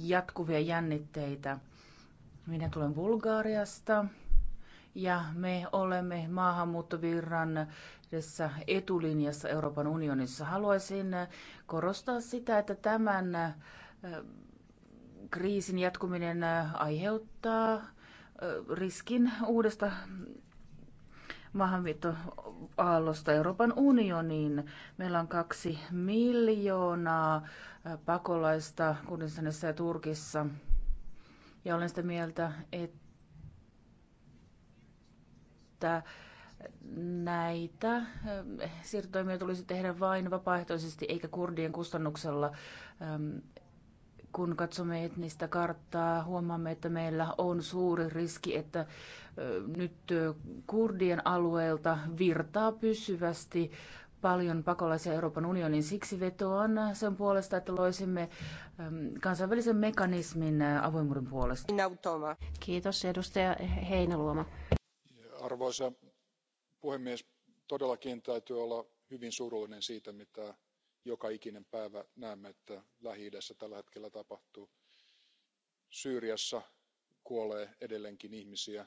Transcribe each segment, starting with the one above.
jatkuvia jännitteitä. Minä tulen Bulgaariasta ja me olemme maahanmuuttovirran tässä etulinjassa Euroopan unionissa. Haluaisin korostaa sitä, että tämän äh, kriisin jatkuminen äh, aiheuttaa äh, riskin uudesta maahanviittoaallosta Euroopan unioniin. Meillä on kaksi miljoonaa pakolaista Kurdistanissa ja Turkissa. Ja olen sitä mieltä, että näitä siirtoimia tulisi tehdä vain vapaaehtoisesti eikä kurdien kustannuksella. Kun katsomme etnistä karttaa, huomaamme, että meillä on suuri riski, että nyt kurdien alueelta virtaa pysyvästi paljon pakolaisia Euroopan unionin Siksi vetoan sen puolesta, että loisimme kansainvälisen mekanismin avoimuuden puolesta. Kiitos edustaja Heinaluoma. Arvoisa puhemies, todellakin täytyy olla hyvin surullinen siitä, mitä joka ikinen päivä näemme, että lähi tällä hetkellä tapahtuu. Syyriassa kuolee edelleenkin ihmisiä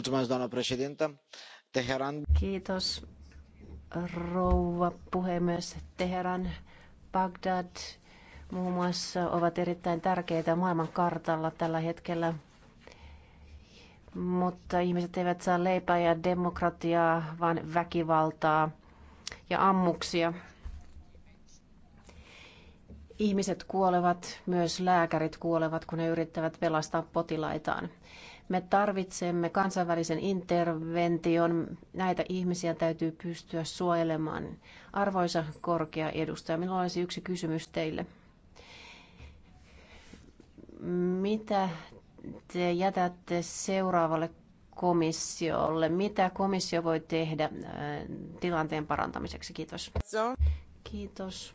doamnă președintă teheran. Kiitos rouva puhemies. Teheran, Bagdad muun muassa ovat erittäin tärkeitä maailmankartalla tällä hetkellä. Mutta ihmiset eivät saa leipää ja demokratiaa, vaan väkivaltaa ja ammuksia. Ihmiset kuolevat, myös lääkärit kuolevat, kun he yrittävät pelastaa potilaitaan. Me tarvitsemme kansainvälisen intervention. Näitä ihmisiä täytyy pystyä suojelemaan. Arvoisa korkea edustaja, minulla olisi yksi kysymys teille. Mitä te jätätte seuraavalle komissiolle? Mitä komissio voi tehdä äh, tilanteen parantamiseksi? Kiitos. Kiitos.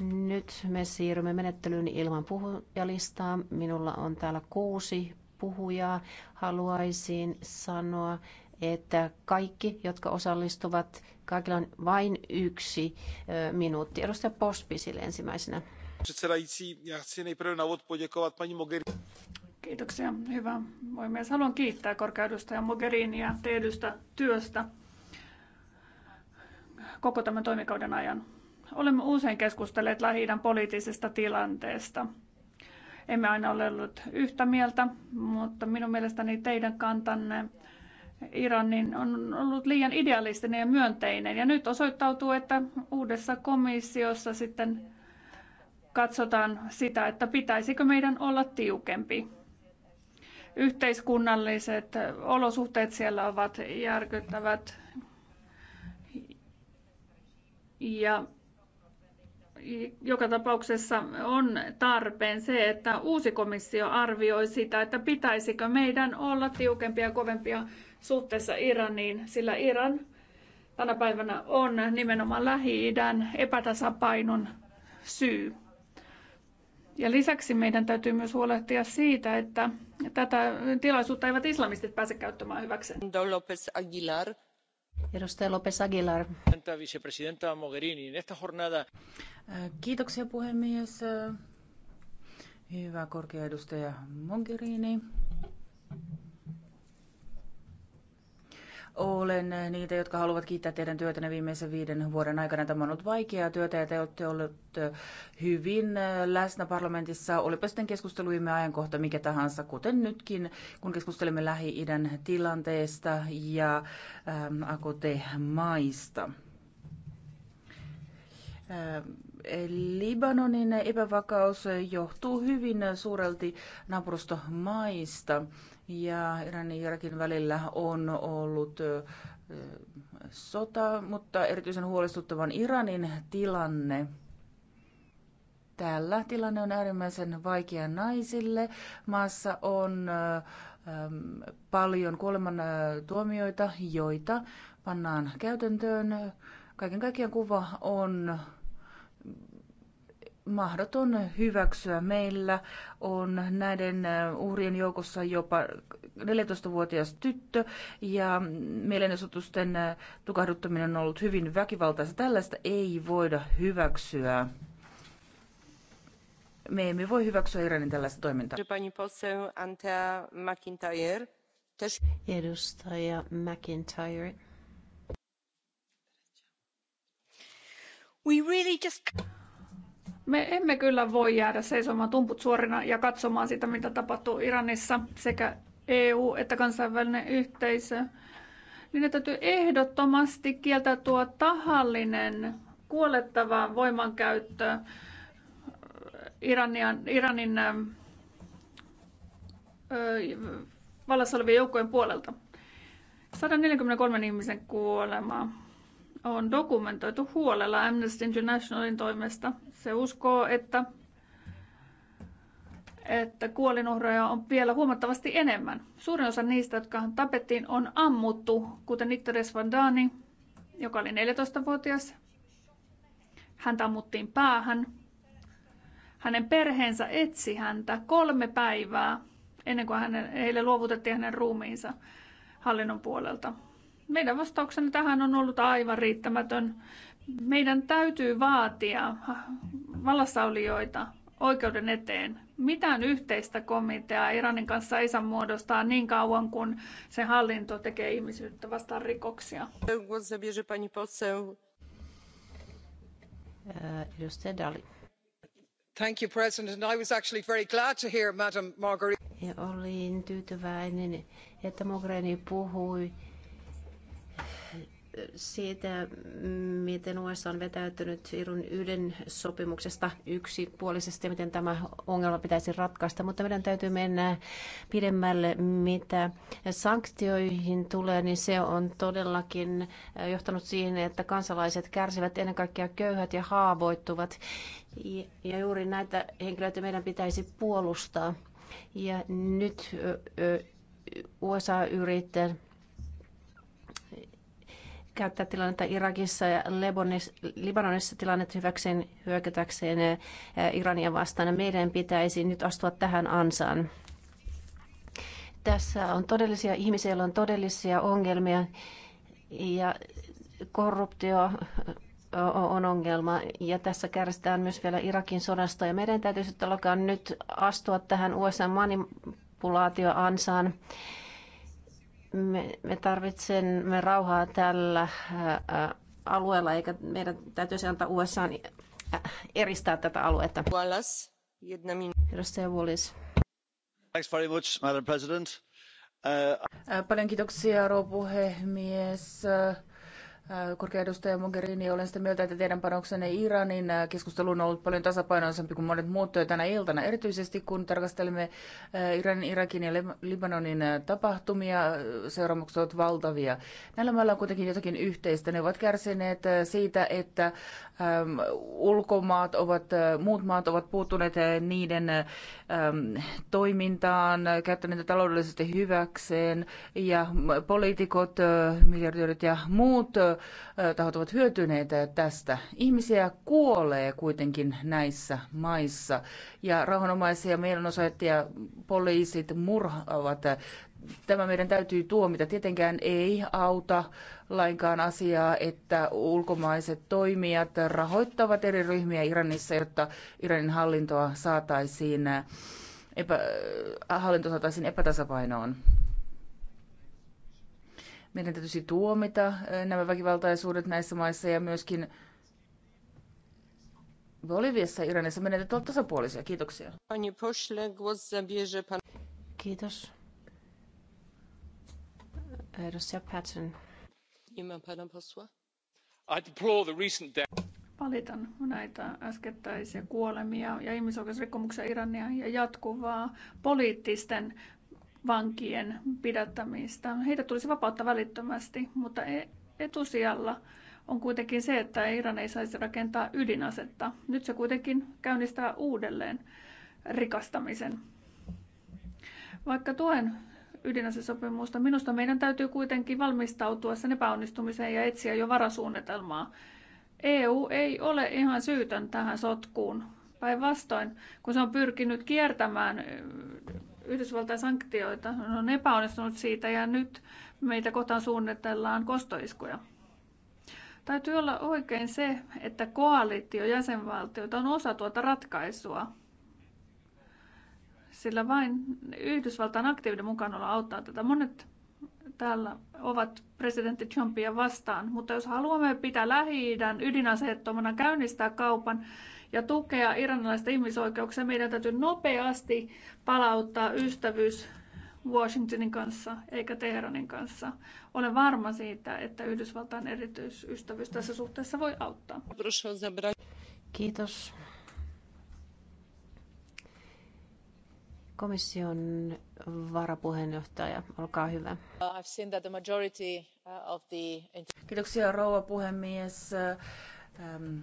Nyt me siirrymme menettelyyn ilman puhujalistaa. Minulla on täällä kuusi puhujaa. Haluaisin sanoa, että kaikki, jotka osallistuvat, kaikilla on vain yksi minuutti. Edustaja Pospisille ensimmäisenä. Kiitoksia, hyvä myös Haluan kiittää korkeudustaja Mogherinia teidystä työstä koko tämän toimikauden ajan Olemme usein keskustelleet lähi poliittisesta tilanteesta. Emme aina ole olleet yhtä mieltä, mutta minun mielestäni teidän kantanne Iranin on ollut liian idealistinen ja myönteinen. Ja nyt osoittautuu, että uudessa komissiossa sitten katsotaan sitä, että pitäisikö meidän olla tiukempi. Yhteiskunnalliset olosuhteet siellä ovat järkyttävät. Ja joka tapauksessa on tarpeen se, että uusi komissio arvioi sitä, että pitäisikö meidän olla tiukempia ja kovempia suhteessa Iraniin, sillä Iran tänä päivänä on nimenomaan Lähi-idän epätasapainon syy. Ja lisäksi meidän täytyy myös huolehtia siitä, että tätä tilaisuutta eivät islamistit pääse käyttämään hyväkseen. Aguilar arvoisa Aguilar. Vicepresidenta Kiitoksia puhemies. Hyvä korkea edustaja Mogherini. Olen äh, niitä, jotka haluavat kiittää teidän työtänne viimeisen viiden vuoden aikana. Tämä on ollut vaikeaa työtä ja te olette olleet äh, hyvin äh, läsnä parlamentissa. Olipa sitten keskusteluimme ajankohta mikä tahansa, kuten nytkin, kun keskustelemme Lähi-idän tilanteesta ja ähm, maista Libanonin epävakaus johtuu hyvin suurelti naapurustomaista ja Iranin ja Irakin välillä on ollut sota, mutta erityisen huolestuttavan Iranin tilanne. Täällä tilanne on äärimmäisen vaikea naisille. Maassa on paljon kuoleman tuomioita, joita pannaan käytäntöön. Kaiken kaikkiaan kuva on mahdoton hyväksyä. Meillä on näiden äh, uhrien joukossa jopa 14-vuotias tyttö ja mielenosoitusten äh, tukahduttaminen on ollut hyvin väkivaltaista. Tällaista ei voida hyväksyä. Me emme voi hyväksyä Iranin tällaista toimintaa. Edustaja McIntyre. We really just... Me emme kyllä voi jäädä seisomaan tumput suorina ja katsomaan sitä, mitä tapahtuu Iranissa sekä EU että kansainvälinen yhteisö. Niin täytyy ehdottomasti kieltää tuo tahallinen kuolettava voimankäyttö äh, Iranian, Iranin ö, äh, äh, vallassa olevien joukkojen puolelta. 143 ihmisen kuolemaa on dokumentoitu huolella Amnesty Internationalin toimesta. Se uskoo, että, että kuolinuhreja on vielä huomattavasti enemmän. Suurin osa niistä, jotka tapettiin, on ammuttu, kuten Niktoris Vandani, joka oli 14-vuotias. Häntä ammuttiin päähän. Hänen perheensä etsi häntä kolme päivää ennen kuin hänen, heille luovutettiin hänen ruumiinsa hallinnon puolelta. Meidän vastauksena tähän on ollut aivan riittämätön. Meidän täytyy vaatia vallassaolijoita oikeuden eteen. Mitään yhteistä komiteaa Iranin kanssa ei saa muodostaa niin kauan, kun se hallinto tekee ihmisyyttä vastaan rikoksia. Äh, Thank you, President. And I was actually very glad to hear Madam Margarita. Ja olin tyytyväinen, että Mogherini puhui siitä, miten USA on vetäytynyt Irun yhden sopimuksesta yksipuolisesti ja miten tämä ongelma pitäisi ratkaista. Mutta meidän täytyy mennä pidemmälle, mitä sanktioihin tulee, niin se on todellakin johtanut siihen, että kansalaiset kärsivät ennen kaikkea köyhät ja haavoittuvat. Ja juuri näitä henkilöitä meidän pitäisi puolustaa. Ja nyt USA yrittää käyttää tilannetta Irakissa ja Lebonis, Libanonissa tilannetta hyväkseen hyökätäkseen eh, Irania vastaan. Meidän pitäisi nyt astua tähän ansaan. Tässä on todellisia ihmisiä, joilla on todellisia ongelmia ja korruptio eh, on ongelma ja tässä kärsitään myös vielä Irakin sodasta ja meidän täytyisi nyt astua tähän USA manipulaatioansaan. ansaan me, me tarvitsemme rauhaa tällä äh, äh, alueella, eikä meidän täytyisi antaa USA äh, eristää tätä aluetta. Wallace, Edustaja Wallis. Thanks very much, Madam President. Uh... Paljon kiitoksia, rouva puhemies. Uh Korkea edustaja Mogherini, olen sitä mieltä, että teidän panoksenne Iranin äh, keskustelu on ollut paljon tasapainoisempi kuin monet muut tänä iltana, erityisesti kun tarkastelemme äh, Iranin, Irakin ja Libanonin äh, tapahtumia. Seuraamukset ovat valtavia. Näillä mailla on kuitenkin jotakin yhteistä. Ne ovat kärsineet siitä, että ähm, ulkomaat ovat, muut maat ovat puuttuneet niiden Ähm, toimintaan, niitä taloudellisesti hyväkseen ja poliitikot, äh, miljardiorit ja muut äh, tahot ovat hyötyneitä äh, tästä. Ihmisiä kuolee kuitenkin näissä maissa ja rauhanomaisia mielenosoittajia poliisit murhaavat tämä meidän täytyy tuomita. Tietenkään ei auta lainkaan asiaa, että ulkomaiset toimijat rahoittavat eri ryhmiä Iranissa, jotta Iranin hallintoa saataisiin, epä, hallinto saataisiin epätasapainoon. Meidän täytyisi tuomita eh, nämä väkivaltaisuudet näissä maissa ja myöskin Boliviassa ja Iranissa olla tasapuolisia. Kiitoksia. Kiitos. Edustaja Patton. Valitan näitä äskettäisiä kuolemia ja ihmisoikeusrikkomuksia Irania ja jatkuvaa poliittisten vankien pidättämistä. Heitä tulisi vapauttaa välittömästi, mutta e- etusijalla on kuitenkin se, että Iran ei saisi rakentaa ydinasetta. Nyt se kuitenkin käynnistää uudelleen rikastamisen. Vaikka tuen ydinasesopimusta. Minusta meidän täytyy kuitenkin valmistautua sen epäonnistumiseen ja etsiä jo varasuunnitelmaa. EU ei ole ihan syytön tähän sotkuun. Päinvastoin, kun se on pyrkinyt kiertämään Yhdysvaltain sanktioita, on epäonnistunut siitä ja nyt meitä kohtaan suunnitellaan kostoiskuja. Täytyy olla oikein se, että koalitio jäsenvaltioita on osa tuota ratkaisua sillä vain Yhdysvaltain aktiivinen mukanaolo auttaa tätä. Monet täällä ovat presidentti Trumpia vastaan, mutta jos haluamme pitää Lähi-idän ydinaseettomana käynnistää kaupan ja tukea iranilaista ihmisoikeuksia, meidän täytyy nopeasti palauttaa ystävyys Washingtonin kanssa eikä Teheranin kanssa. Olen varma siitä, että Yhdysvaltain erityisystävyys tässä suhteessa voi auttaa. Kiitos. Komission varapuheenjohtaja, olkaa hyvä. Uh, Kiitoksia rouva puhemies. Ähm,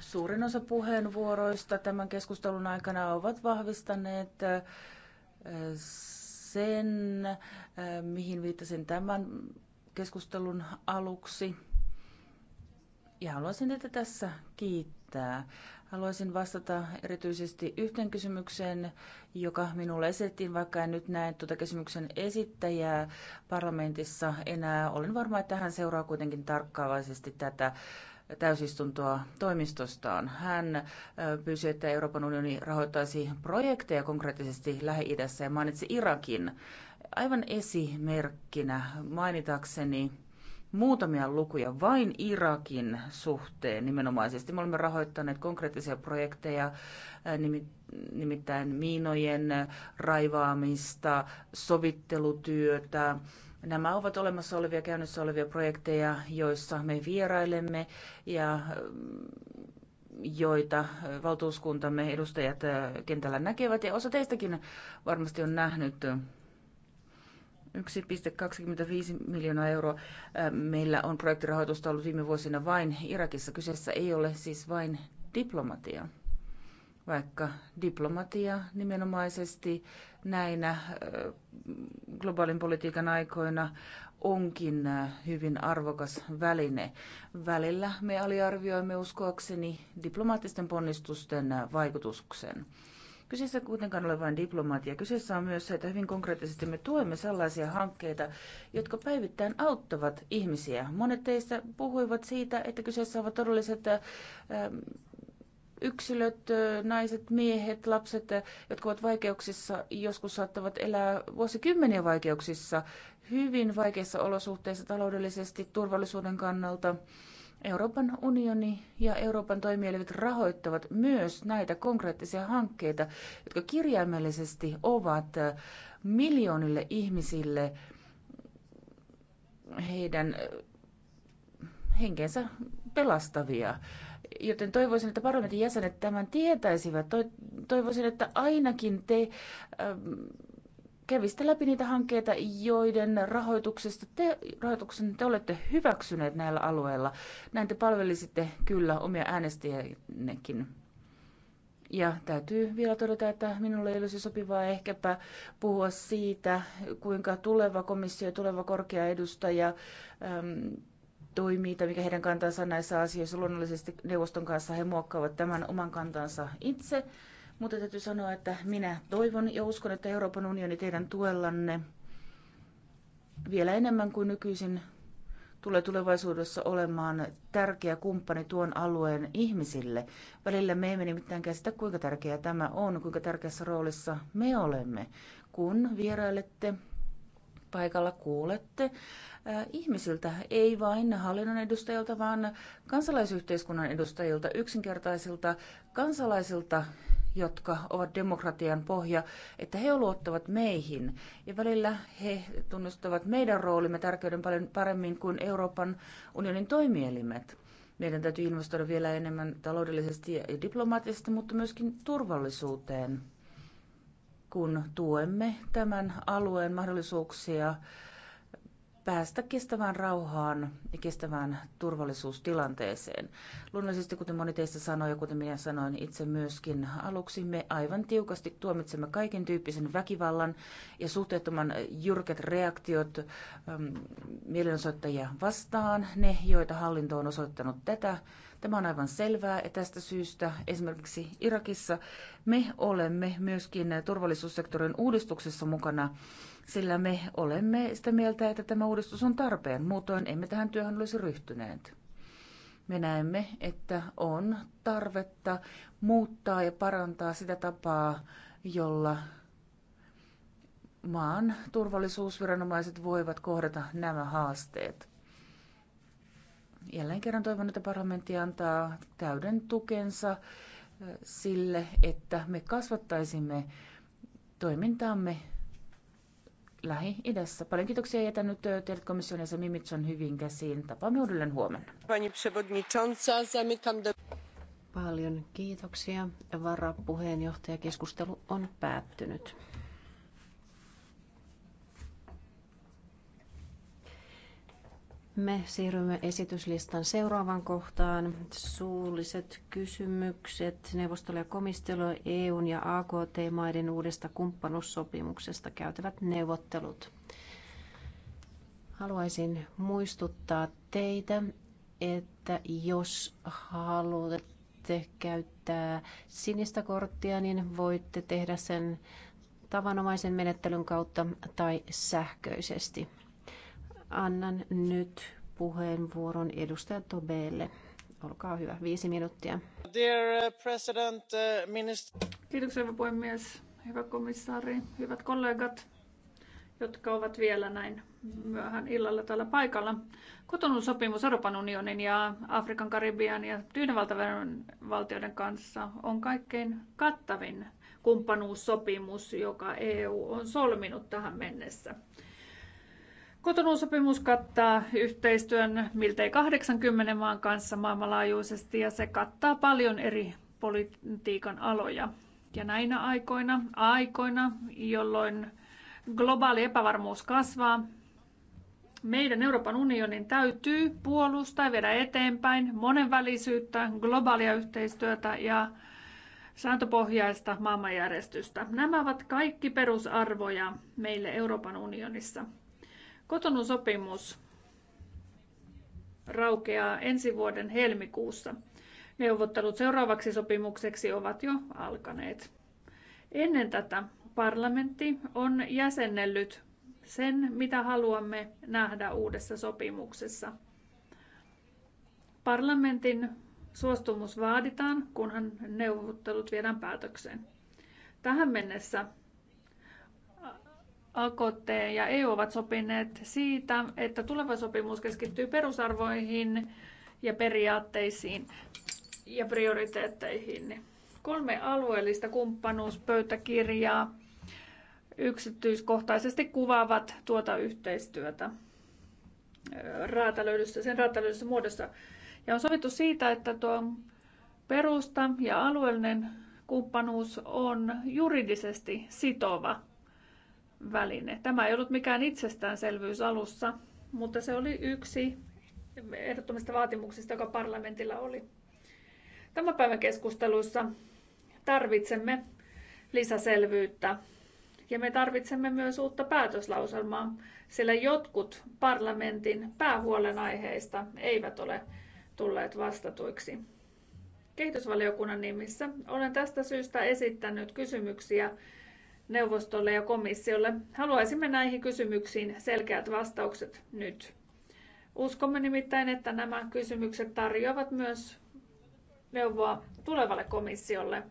suurin osa puheenvuoroista tämän keskustelun aikana ovat vahvistaneet äh, sen, äh, mihin viittasin tämän keskustelun aluksi. Ja haluaisin teitä tässä kiittää. Haluaisin vastata erityisesti yhteen kysymykseen, joka minulle esitettiin, vaikka en nyt näe tuota kysymyksen esittäjää parlamentissa enää. Olen varma, että hän seuraa kuitenkin tarkkaavaisesti tätä täysistuntoa toimistostaan. Hän pyysi, että Euroopan unioni rahoittaisi projekteja konkreettisesti Lähi-idässä ja mainitsi Irakin aivan esimerkkinä mainitakseni muutamia lukuja vain Irakin suhteen nimenomaisesti. Me olemme rahoittaneet konkreettisia projekteja, nimittäin miinojen raivaamista, sovittelutyötä. Nämä ovat olemassa olevia, käynnissä olevia projekteja, joissa me vierailemme ja joita valtuuskuntamme edustajat kentällä näkevät. Ja osa teistäkin varmasti on nähnyt 1,25 miljoonaa euroa. Meillä on projektirahoitusta ollut viime vuosina vain Irakissa. Kyseessä ei ole siis vain diplomatia, vaikka diplomatia nimenomaisesti näinä globaalin politiikan aikoina onkin hyvin arvokas väline. Välillä me aliarvioimme uskoakseni diplomaattisten ponnistusten vaikutuksen. Kyseessä kuitenkaan ole vain diplomatia. Kyseessä on myös se, että hyvin konkreettisesti me tuemme sellaisia hankkeita, jotka päivittäin auttavat ihmisiä. Monet teistä puhuivat siitä, että kyseessä ovat todelliset äh, yksilöt, äh, naiset, miehet, lapset, äh, jotka ovat vaikeuksissa, joskus saattavat elää vuosikymmeniä vaikeuksissa, hyvin vaikeissa olosuhteissa taloudellisesti, turvallisuuden kannalta – Euroopan unioni ja Euroopan toimielimet rahoittavat myös näitä konkreettisia hankkeita, jotka kirjaimellisesti ovat äh, miljoonille ihmisille heidän äh, henkensä pelastavia. Joten toivoisin, että parlamentin jäsenet tämän tietäisivät. Toivoisin, että ainakin te ähm, kävistä läpi niitä hankkeita, joiden rahoituksesta te, rahoituksen te olette hyväksyneet näillä alueilla. Näin te palvelisitte kyllä omia äänestäjiäkin. Ja täytyy vielä todeta, että minulle ei olisi sopivaa ehkäpä puhua siitä, kuinka tuleva komissio ja tuleva korkea edustaja äm, toimii tai mikä heidän kantansa näissä asioissa. Luonnollisesti neuvoston kanssa he muokkaavat tämän oman kantansa itse. Mutta täytyy sanoa, että minä toivon ja uskon, että Euroopan unioni teidän tuellanne vielä enemmän kuin nykyisin tulee tulevaisuudessa olemaan tärkeä kumppani tuon alueen ihmisille. Välillä me emme nimittäin käsitä, kuinka tärkeää tämä on, kuinka tärkeässä roolissa me olemme, kun vierailette paikalla kuulette ihmisiltä, ei vain hallinnon edustajilta, vaan kansalaisyhteiskunnan edustajilta, yksinkertaisilta kansalaisilta, jotka ovat demokratian pohja, että he luottavat meihin. Ja välillä he tunnustavat meidän roolimme tärkeyden paljon paremmin kuin Euroopan unionin toimielimet. Meidän täytyy investoida vielä enemmän taloudellisesti ja diplomaattisesti, mutta myöskin turvallisuuteen, kun tuemme tämän alueen mahdollisuuksia päästä kestävään rauhaan ja kestävään turvallisuustilanteeseen. Luonnollisesti, kuten moni teistä sanoi ja kuten minä sanoin itse myöskin aluksi, me aivan tiukasti tuomitsemme kaiken tyyppisen väkivallan ja suhteettoman jyrkät reaktiot ähm, mielenosoittajia vastaan, ne joita hallinto on osoittanut tätä. Tämä on aivan selvää ja tästä syystä esimerkiksi Irakissa me olemme myöskin turvallisuussektorin uudistuksessa mukana sillä me olemme sitä mieltä, että tämä uudistus on tarpeen. Muutoin emme tähän työhön olisi ryhtyneet. Me näemme, että on tarvetta muuttaa ja parantaa sitä tapaa, jolla maan turvallisuusviranomaiset voivat kohdata nämä haasteet. Jälleen kerran toivon, että parlamentti antaa täyden tukensa äh, sille, että me kasvattaisimme toimintaamme Lähi-idässä. Paljon kiitoksia jätänyt teidät komission jäsen Mimitson hyvin käsiin. Tapaamme uudelleen huomenna. Paljon kiitoksia. Varapuheenjohtajakeskustelu on päättynyt. Me siirrymme esityslistan seuraavaan kohtaan. Suulliset kysymykset neuvostolle ja komistiolle EUn ja AKT-maiden uudesta kumppanuussopimuksesta käytävät neuvottelut. Haluaisin muistuttaa teitä, että jos haluatte käyttää sinistä korttia, niin voitte tehdä sen tavanomaisen menettelyn kautta tai sähköisesti. Annan nyt puheenvuoron edustaja Tobelle. Olkaa hyvä, viisi minuuttia. Dear uh, President, uh, minister... Kiitoksia, hyvä puhemies, hyvä komissaari, hyvät kollegat, jotka ovat vielä näin myöhään illalla täällä paikalla. Kotonun sopimus Euroopan unionin ja Afrikan, Karibian ja Tyynevaltaveron valtioiden kanssa on kaikkein kattavin kumppanuussopimus, joka EU on solminut tähän mennessä sopimus kattaa yhteistyön miltei 80 maan kanssa maailmanlaajuisesti ja se kattaa paljon eri politiikan aloja. Ja näinä aikoina, aikoina, jolloin globaali epävarmuus kasvaa, meidän Euroopan unionin täytyy puolustaa ja viedä eteenpäin monenvälisyyttä, globaalia yhteistyötä ja sääntöpohjaista maailmanjärjestystä. Nämä ovat kaikki perusarvoja meille Euroopan unionissa – Kotonun sopimus raukeaa ensi vuoden helmikuussa. Neuvottelut seuraavaksi sopimukseksi ovat jo alkaneet. Ennen tätä parlamentti on jäsennellyt sen, mitä haluamme nähdä uudessa sopimuksessa. Parlamentin suostumus vaaditaan, kunhan neuvottelut viedään päätökseen. Tähän mennessä AKT ja EU ovat sopineet siitä, että tuleva sopimus keskittyy perusarvoihin ja periaatteisiin ja prioriteetteihin. Kolme alueellista kumppanuuspöytäkirjaa yksityiskohtaisesti kuvaavat tuota yhteistyötä sen räätälöidyssä muodossa. Ja on sovittu siitä, että tuo perusta ja alueellinen kumppanuus on juridisesti sitova väline. Tämä ei ollut mikään itsestäänselvyys alussa, mutta se oli yksi ehdottomista vaatimuksista, joka parlamentilla oli. Tämän päivän keskusteluissa tarvitsemme lisäselvyyttä ja me tarvitsemme myös uutta päätöslauselmaa, sillä jotkut parlamentin päähuolenaiheista eivät ole tulleet vastatuiksi. Kehitysvaliokunnan nimissä olen tästä syystä esittänyt kysymyksiä neuvostolle ja komissiolle. Haluaisimme näihin kysymyksiin selkeät vastaukset nyt. Uskomme nimittäin, että nämä kysymykset tarjoavat myös neuvoa tulevalle komissiolle.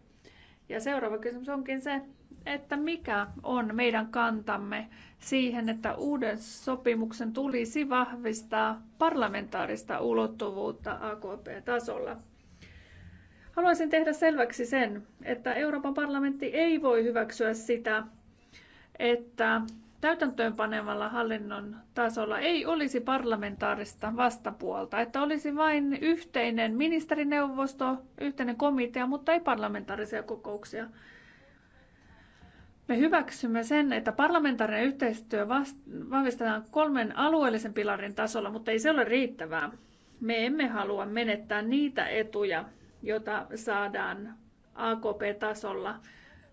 Ja seuraava kysymys onkin se, että mikä on meidän kantamme siihen, että uuden sopimuksen tulisi vahvistaa parlamentaarista ulottuvuutta AKP-tasolla. Haluaisin tehdä selväksi sen, että Euroopan parlamentti ei voi hyväksyä sitä, että täytäntöönpanemalla hallinnon tasolla ei olisi parlamentaarista vastapuolta, että olisi vain yhteinen ministerineuvosto, yhteinen komitea, mutta ei parlamentaarisia kokouksia. Me hyväksymme sen, että parlamentaarinen yhteistyö vahvistetaan kolmen alueellisen pilarin tasolla, mutta ei se ole riittävää. Me emme halua menettää niitä etuja, jota saadaan AKP-tasolla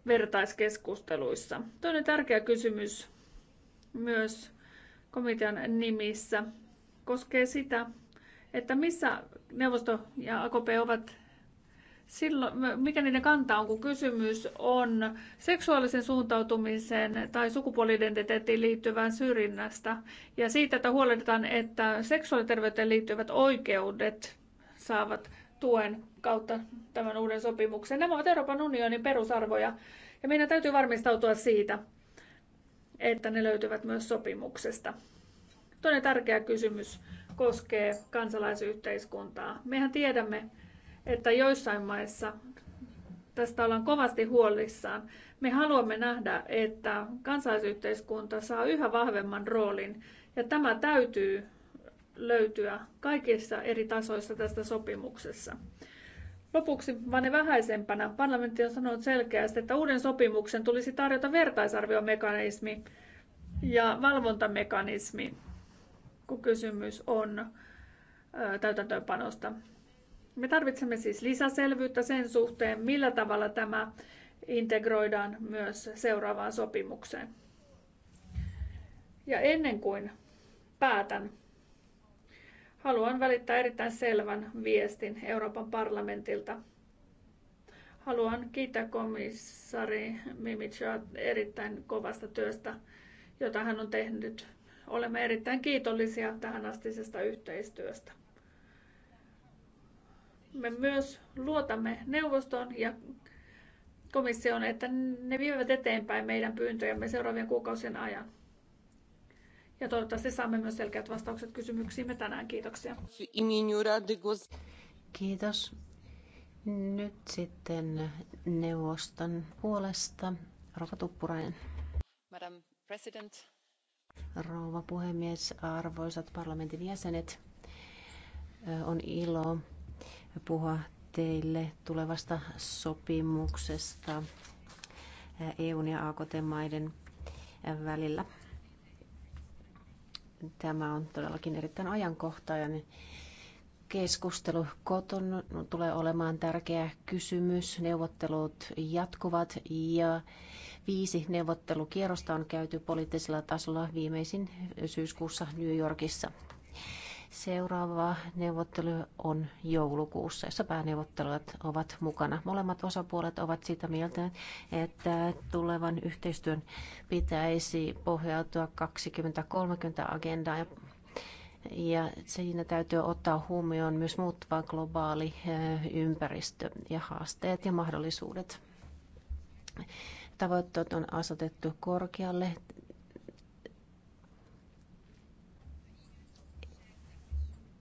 vertaiskeskusteluissa. Toinen tärkeä kysymys myös komitean nimissä koskee sitä, että missä neuvosto ja AKP ovat silloin, mikä niiden kanta on, kun kysymys on seksuaalisen suuntautumisen tai sukupuoli-identiteettiin liittyvään syrjinnästä ja siitä, että huolehditaan, että seksuaaliterveyteen liittyvät oikeudet saavat tuen kautta tämän uuden sopimuksen. Nämä ovat Euroopan unionin perusarvoja ja meidän täytyy varmistautua siitä, että ne löytyvät myös sopimuksesta. Toinen tärkeä kysymys koskee kansalaisyhteiskuntaa. Mehän tiedämme, että joissain maissa tästä ollaan kovasti huolissaan. Me haluamme nähdä, että kansalaisyhteiskunta saa yhä vahvemman roolin ja tämä täytyy löytyä kaikissa eri tasoissa tästä sopimuksessa. Lopuksi vaan ne vähäisempänä parlamentti on sanonut selkeästi, että uuden sopimuksen tulisi tarjota vertaisarviomekanismi ja valvontamekanismi, kun kysymys on täytäntöönpanosta. Me tarvitsemme siis lisäselvyyttä sen suhteen, millä tavalla tämä integroidaan myös seuraavaan sopimukseen. Ja ennen kuin päätän, Haluan välittää erittäin selvän viestin Euroopan parlamentilta. Haluan kiittää komissaari Mimicia erittäin kovasta työstä, jota hän on tehnyt. Olemme erittäin kiitollisia tähän astisesta yhteistyöstä. Me myös luotamme neuvostoon ja komission, että ne vievät eteenpäin meidän pyyntöjämme seuraavien kuukausien ajan. Ja toivottavasti saamme myös selkeät vastaukset kysymyksiimme tänään. Kiitoksia. Kiitos. Nyt sitten neuvoston puolesta Rova Tuppurainen. Madam President. Rouva puhemies, arvoisat parlamentin jäsenet, on ilo puhua teille tulevasta sopimuksesta EUn ja AKT-maiden välillä. Tämä on todellakin erittäin ajankohtainen keskustelu. Koton tulee olemaan tärkeä kysymys. Neuvottelut jatkuvat ja viisi neuvottelukierrosta on käyty poliittisella tasolla viimeisin syyskuussa New Yorkissa. Seuraava neuvottelu on joulukuussa, jossa pääneuvottelut ovat mukana. Molemmat osapuolet ovat sitä mieltä, että tulevan yhteistyön pitäisi pohjautua 2030-agendaan ja ja siinä täytyy ottaa huomioon myös muuttuva globaali eh, ympäristö ja haasteet ja mahdollisuudet. Tavoitteet on asetettu korkealle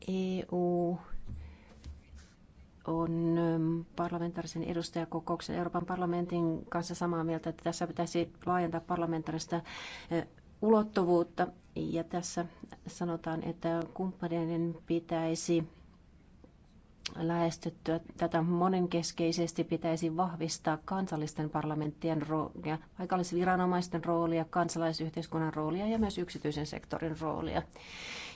EU on ähm, parlamentaarisen edustajakokouksen Euroopan parlamentin kanssa samaa mieltä, että tässä pitäisi laajentaa parlamentaarista äh, ulottuvuutta. Ja tässä sanotaan, että kumppaneiden pitäisi lähestyttyä tätä monenkeskeisesti pitäisi vahvistaa kansallisten parlamenttien roolia, paikallisviranomaisten roolia, kansalaisyhteiskunnan roolia ja myös yksityisen sektorin roolia.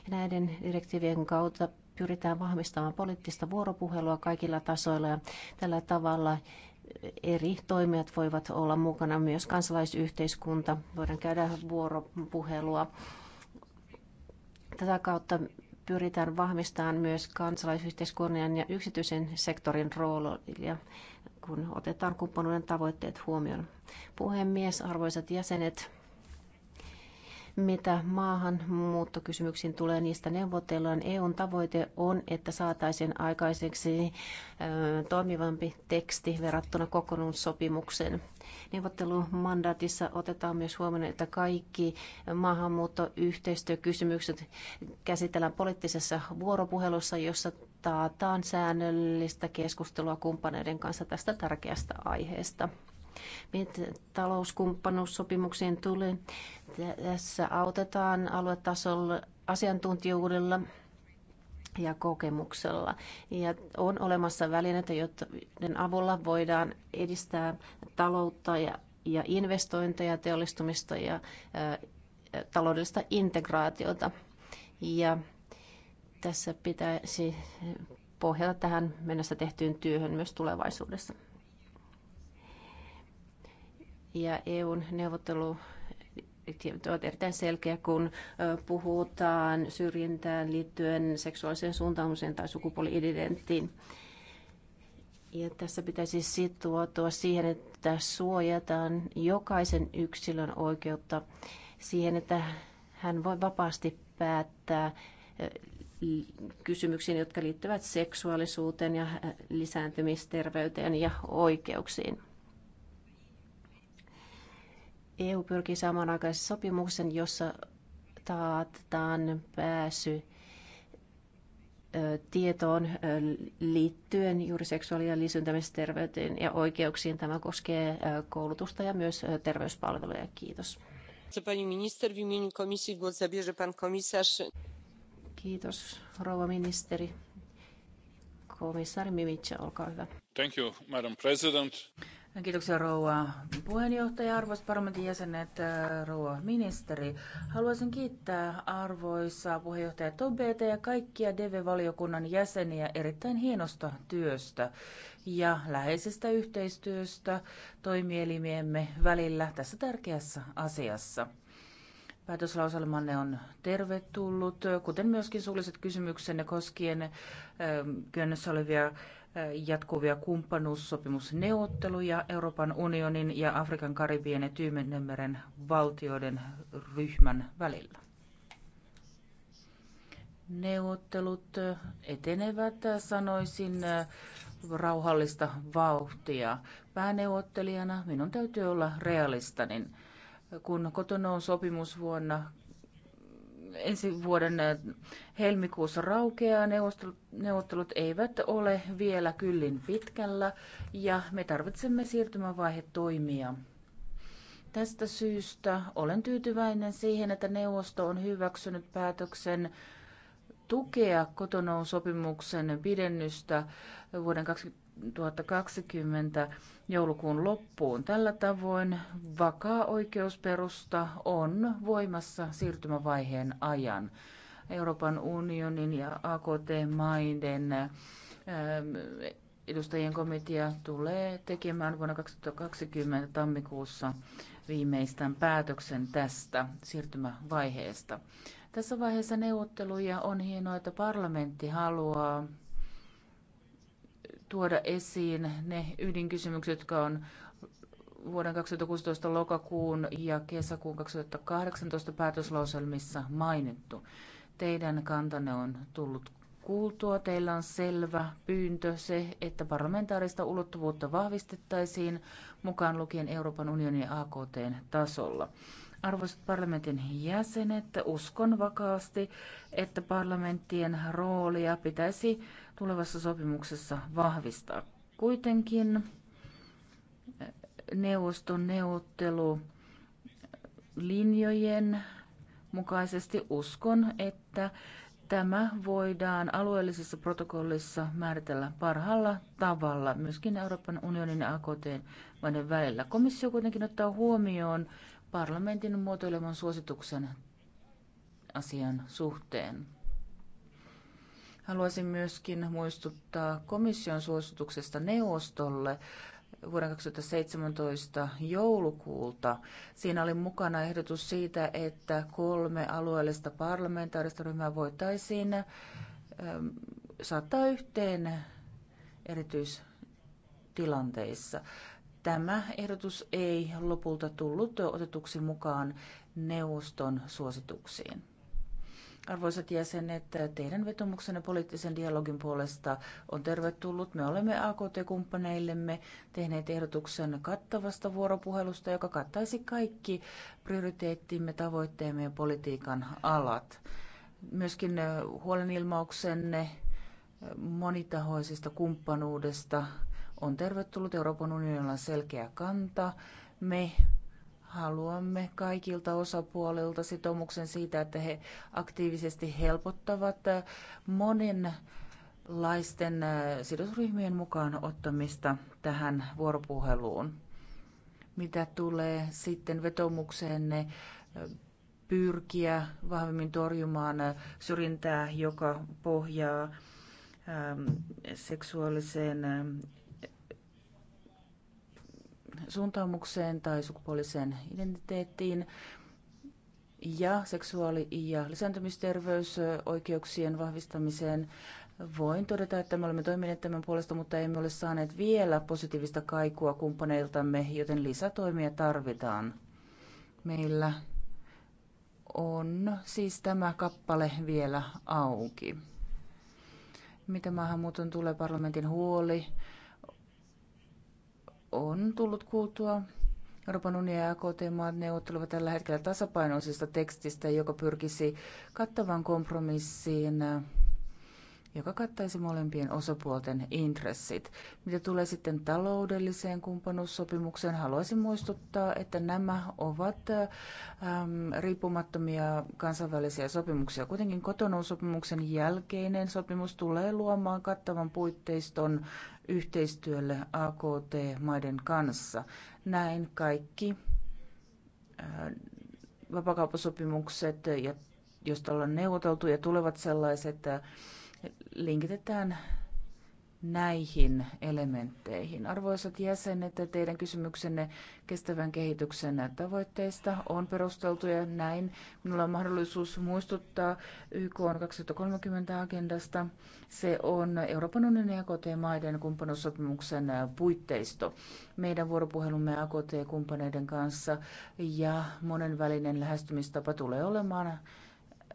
Näiden direktiivien kautta pyritään vahvistamaan poliittista vuoropuhelua kaikilla tasoilla ja tällä tavalla eri toimijat voivat olla mukana, myös kansalaisyhteiskunta, voidaan käydä vuoropuhelua. Tätä kautta pyritään vahvistamaan myös kansalaisyhteiskunnan ja yksityisen sektorin roolia, kun otetaan kumppanuuden tavoitteet huomioon. Puhemies, arvoisat jäsenet, mitä maahanmuuttokysymyksiin tulee, niistä neuvotellaan. EUn tavoite on, että saataisiin aikaiseksi toimivampi teksti verrattuna kokonaissopimukseen. Neuvottelumandaatissa otetaan myös huomioon, että kaikki maahanmuuttoyhteistyökysymykset käsitellään poliittisessa vuoropuhelussa, jossa taataan säännöllistä keskustelua kumppaneiden kanssa tästä tärkeästä aiheesta. Mitä talouskumppanuussopimuksiin tulee? Tässä autetaan aluetasolla asiantuntijuudella ja kokemuksella. Ja on olemassa välineitä, joiden avulla voidaan edistää taloutta ja, ja investointeja, teollistumista ja ä, taloudellista integraatiota. Ja tässä pitäisi pohjata tähän mennessä tehtyyn työhön myös tulevaisuudessa ja EUn neuvottelu ovat erittäin selkeä, kun puhutaan syrjintään liittyen seksuaaliseen suuntaamiseen tai sukupuoli-identiteettiin. Ja tässä pitäisi sitoutua siihen, että suojataan jokaisen yksilön oikeutta siihen, että hän voi vapaasti päättää kysymyksiin, jotka liittyvät seksuaalisuuteen ja lisääntymisterveyteen ja oikeuksiin. EU pyrkii saamaan aikaisen sopimuksen, jossa taataan pääsy tietoon liittyen juuri seksuaali- ja lisääntymisterveyteen ja oikeuksiin. Tämä koskee koulutusta ja myös terveyspalveluja. Kiitos. Kiitos, rouva ministeri. Komissaari Mimica, olkaa hyvä. Thank you, Madam President. Kiitoksia rouva puheenjohtaja, arvoisat parlamentin jäsenet, äh, rouva ministeri. Haluaisin kiittää arvoisa puheenjohtaja Tobeta ja kaikkia DV-valiokunnan jäseniä erittäin hienosta työstä ja läheisestä yhteistyöstä toimielimiemme välillä tässä tärkeässä asiassa. Päätöslauselmanne on tervetullut, kuten myöskin suulliset kysymyksenne koskien äh, kyönnössä olevia jatkuvia kumppanuussopimusneuvotteluja Euroopan unionin ja Afrikan, Karibian ja Tyynenmeren valtioiden ryhmän välillä. Neuvottelut etenevät, sanoisin, rauhallista vauhtia. Pääneuvottelijana minun täytyy olla realistinen. Kun kotona on sopimus vuonna ensi vuoden äh, helmikuussa raukeaa. neuvottelut eivät ole vielä kyllin pitkällä ja me tarvitsemme siirtymävaihe toimia. Tästä syystä olen tyytyväinen siihen, että neuvosto on hyväksynyt päätöksen tukea kotonousopimuksen pidennystä vuoden 2020 2020 joulukuun loppuun. Tällä tavoin vakaa oikeusperusta on voimassa siirtymävaiheen ajan. Euroopan unionin ja AKT-maiden ähm, edustajien komitea tulee tekemään vuonna 2020 tammikuussa viimeistään päätöksen tästä siirtymävaiheesta. Tässä vaiheessa neuvotteluja on hienoa, että parlamentti haluaa tuoda esiin ne ydinkysymykset, jotka on vuoden 2016 lokakuun ja kesäkuun 2018 päätöslauselmissa mainittu. Teidän kantanne on tullut kuultua. Teillä on selvä pyyntö se, että parlamentaarista ulottuvuutta vahvistettaisiin mukaan lukien Euroopan unionin AKT-tasolla. Arvoisat parlamentin jäsenet, uskon vakaasti, että parlamenttien roolia pitäisi tulevassa sopimuksessa vahvistaa. Kuitenkin eh, neuvoston neuvottelu eh, linjojen mukaisesti uskon, että tämä voidaan alueellisessa protokollissa määritellä parhaalla tavalla myöskin Euroopan unionin ja AKT-maiden välillä. Komissio kuitenkin ottaa huomioon parlamentin muotoileman suosituksen asian suhteen. Haluaisin myöskin muistuttaa komission suosituksesta neuvostolle vuoden 2017 joulukuulta. Siinä oli mukana ehdotus siitä, että kolme alueellista parlamentaarista ryhmää voitaisiin ähm, saattaa yhteen erityistilanteissa. Tämä ehdotus ei lopulta tullut otetuksi mukaan neuvoston suosituksiin. Arvoisat jäsenet, teidän vetomuksenne poliittisen dialogin puolesta on tervetullut. Me olemme AKT-kumppaneillemme tehneet ehdotuksen kattavasta vuoropuhelusta, joka kattaisi kaikki prioriteettimme, tavoitteemme ja politiikan alat. Myöskin huolenilmauksenne monitahoisesta kumppanuudesta on tervetullut. Euroopan unionilla on selkeä kanta. Me Haluamme kaikilta osapuolilta sitoumuksen siitä, että he aktiivisesti helpottavat monenlaisten äh, sidosryhmien mukaan ottamista tähän vuoropuheluun. Mitä tulee sitten vetomukseenne äh, pyrkiä vahvemmin torjumaan äh, syrjintää, joka pohjaa ähm, seksuaaliseen ähm, suuntaamukseen tai sukupuoliseen identiteettiin. Ja seksuaali- ja lisääntymisterveysoikeuksien vahvistamiseen voin todeta, että me olemme toimineet tämän puolesta, mutta emme ole saaneet vielä positiivista kaikua kumppaneiltamme, joten lisätoimia tarvitaan. Meillä on siis tämä kappale vielä auki. Mitä maahanmuuton tulee parlamentin huoli on tullut kuultua. Euroopan unionin ja kt maat neuvottelevat tällä hetkellä tasapainoisesta tekstistä, joka pyrkisi kattavan kompromissiin, joka kattaisi molempien osapuolten intressit. Mitä tulee sitten taloudelliseen kumppanuussopimukseen, haluaisin muistuttaa, että nämä ovat äm, riippumattomia kansainvälisiä sopimuksia. Kuitenkin kotonousopimuksen jälkeinen sopimus tulee luomaan kattavan puitteiston yhteistyölle AKT-maiden kanssa. Näin kaikki äh, vapakauppasopimukset, joista ollaan neuvoteltu ja tulevat sellaiset, äh, linkitetään näihin elementteihin. Arvoisat jäsenet, teidän kysymyksenne kestävän kehityksen tavoitteista on perusteltu ja näin minulla on mahdollisuus muistuttaa YK 2030-agendasta. Se on Euroopan unionin ja AKT-maiden kumppanuussopimuksen puitteisto. Meidän vuoropuhelumme AKT-kumppaneiden kanssa ja monenvälinen lähestymistapa tulee olemaan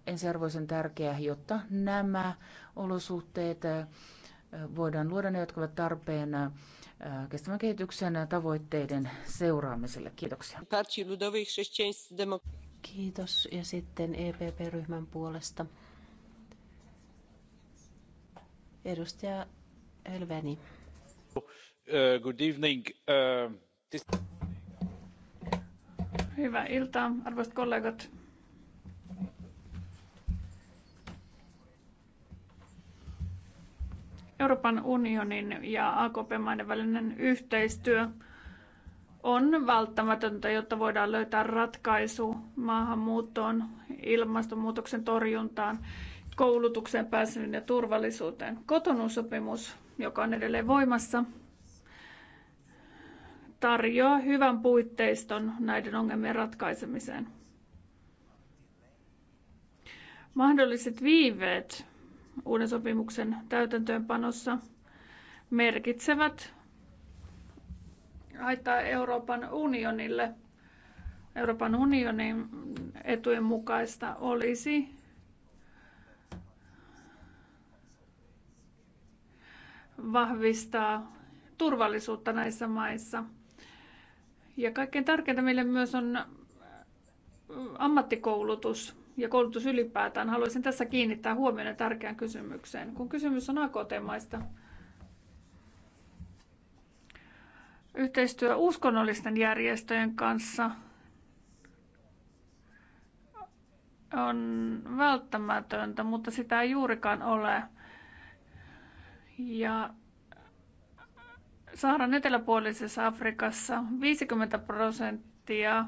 ensiarvoisen tärkeä, jotta nämä olosuhteet voidaan luoda ne, jotka ovat tarpeen äh, kestävän kehityksen tavoitteiden seuraamiselle. Kiitoksia. Kiitos. Ja sitten EPP-ryhmän puolesta edustaja Elveni. Uh, good evening. Uh, Hyvää iltaa, arvoisat kollegat. Euroopan unionin ja AKP-maiden välinen yhteistyö on välttämätöntä, jotta voidaan löytää ratkaisu maahanmuuttoon, ilmastonmuutoksen torjuntaan, koulutukseen pääsyyn ja turvallisuuteen. Kotonuusopimus, joka on edelleen voimassa, tarjoaa hyvän puitteiston näiden ongelmien ratkaisemiseen. Mahdolliset viiveet uuden sopimuksen täytäntöönpanossa merkitsevät haittaa Euroopan unionille. Euroopan unionin etujen mukaista olisi vahvistaa turvallisuutta näissä maissa. Ja kaikkein tärkeintä meille myös on ammattikoulutus ja koulutus ylipäätään, haluaisin tässä kiinnittää huomioon tärkeään kysymykseen. Kun kysymys on AKT-maista, yhteistyö uskonnollisten järjestöjen kanssa on välttämätöntä, mutta sitä ei juurikaan ole. Ja Saharan eteläpuolisessa Afrikassa 50 prosenttia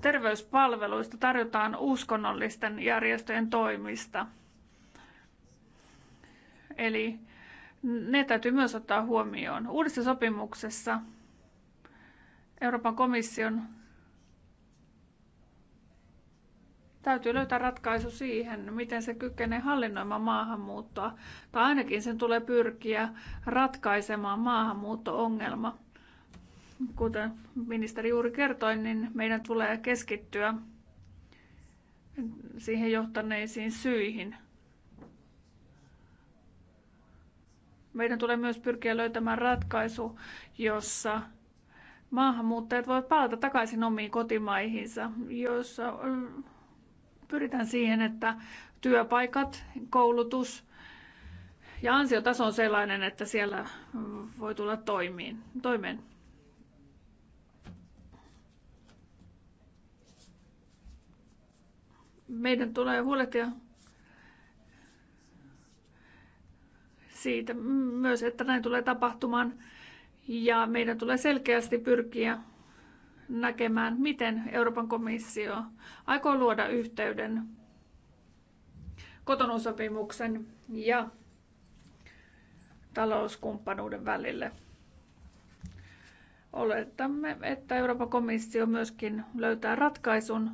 terveyspalveluista tarjotaan uskonnollisten järjestöjen toimista. Eli ne täytyy myös ottaa huomioon. Uudessa sopimuksessa Euroopan komission täytyy löytää ratkaisu siihen, miten se kykenee hallinnoimaan maahanmuuttoa, tai ainakin sen tulee pyrkiä ratkaisemaan maahanmuutto-ongelma. Kuten ministeri juuri kertoi, niin meidän tulee keskittyä siihen johtaneisiin syihin. Meidän tulee myös pyrkiä löytämään ratkaisu, jossa maahanmuuttajat voivat palata takaisin omiin kotimaihinsa, jossa pyritään siihen, että työpaikat, koulutus ja ansiotaso on sellainen, että siellä voi tulla toimiin, toimeen. meidän tulee huolehtia siitä myös, että näin tulee tapahtumaan. Ja meidän tulee selkeästi pyrkiä näkemään, miten Euroopan komissio aikoo luoda yhteyden kotonusopimuksen ja talouskumppanuuden välille. Oletamme, että Euroopan komissio myöskin löytää ratkaisun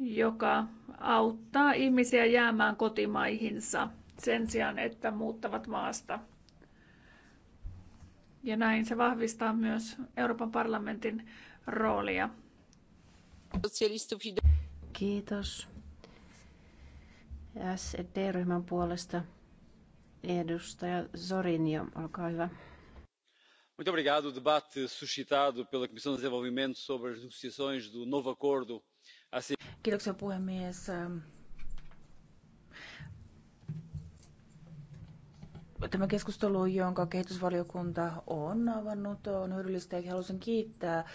joka auttaa ihmisiä jäämään kotimaihinsa sen sijaan, että muuttavat maasta. Ja näin se vahvistaa myös Euroopan parlamentin roolia. Kiitos. SD-ryhmän puolesta edustaja Zorinio, olkaa hyvä. Muito obrigado. O debate suscitado pela Comissão de Desenvolvimento sobre as negociações do novo acordo Kiitoksia puhemies. Tämä keskustelu, jonka kehitysvaliokunta on avannut, on hyödyllistä ja haluaisin kiittää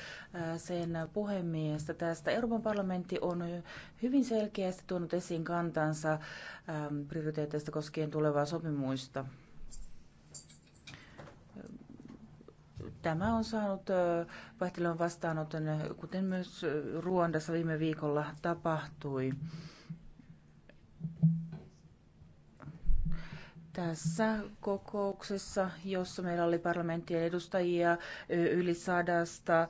sen puhemiestä tästä. Euroopan parlamentti on hyvin selkeästi tuonut esiin kantansa prioriteetteista koskien tulevaa sopimusta. Tämä on saanut vaihtelun vastaanoton, kuten myös Ruandassa viime viikolla tapahtui. Tässä kokouksessa, jossa meillä oli parlamenttien edustajia yli sadasta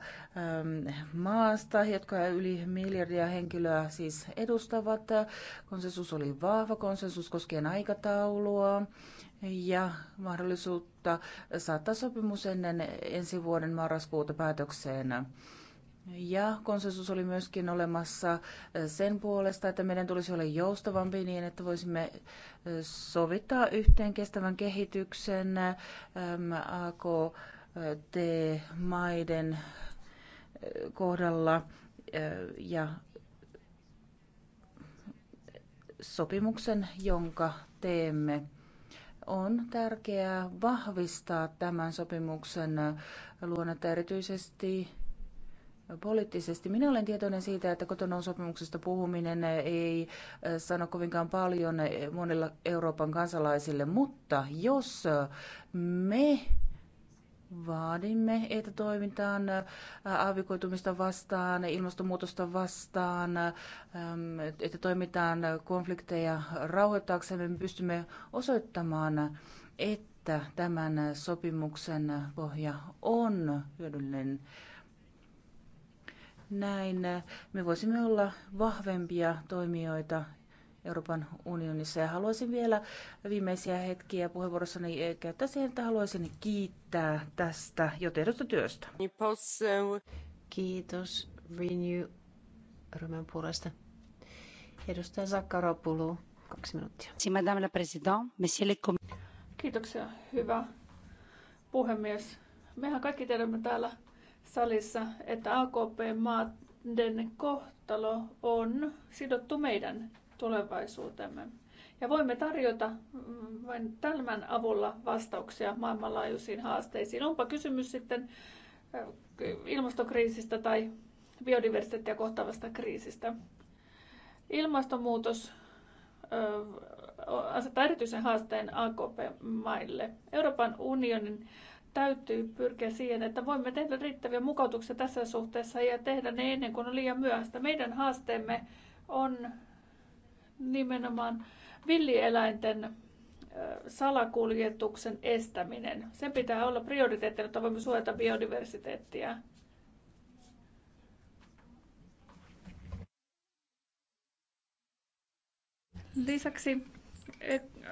maasta, jotka yli miljardia henkilöä siis edustavat, konsensus oli vahva konsensus koskien aikataulua ja mahdollisuutta saattaa sopimus ennen ensi vuoden marraskuuta päätökseen. Ja konsensus oli myöskin olemassa sen puolesta, että meidän tulisi olla joustavampi niin, että voisimme sovittaa yhteen kestävän kehityksen AKT-maiden kohdalla ja sopimuksen, jonka teemme on tärkeää vahvistaa tämän sopimuksen luonnetta erityisesti poliittisesti. Minä olen tietoinen siitä, että kotonon sopimuksesta puhuminen ei sano kovinkaan paljon monilla Euroopan kansalaisille, mutta jos me vaadimme, että toimitaan äh, aavikoitumista vastaan, ilmastonmuutosta vastaan, ähm, että toimitaan konflikteja rauhoittaaksemme. Me pystymme osoittamaan, että tämän sopimuksen pohja on hyödyllinen. Näin me voisimme olla vahvempia toimijoita Euroopan unionissa. Ja haluaisin vielä viimeisiä hetkiä puheenvuorossani käyttää siihen, että haluaisin kiittää tästä jo tehdystä työstä. Kiitos Renew ryhmän puolesta. Edustaja Zakkaropulu, kaksi minuuttia. Madame la Présidente, Kiitoksia, hyvä puhemies. Mehän kaikki tiedämme täällä salissa, että akp maiden kohtalo on sidottu meidän tulevaisuutemme. Ja voimme tarjota mm, vain tämän avulla vastauksia maailmanlaajuisiin haasteisiin. Onpa kysymys sitten ilmastokriisistä tai biodiversiteettiä kohtaavasta kriisistä. Ilmastonmuutos asettaa erityisen haasteen AKP-maille. Euroopan unionin täytyy pyrkiä siihen, että voimme tehdä riittäviä mukautuksia tässä suhteessa ja tehdä ne ennen kuin on liian myöhäistä. Meidän haasteemme on nimenomaan villieläinten salakuljetuksen estäminen. Sen pitää olla prioriteettina, että voimme suojata biodiversiteettiä. Lisäksi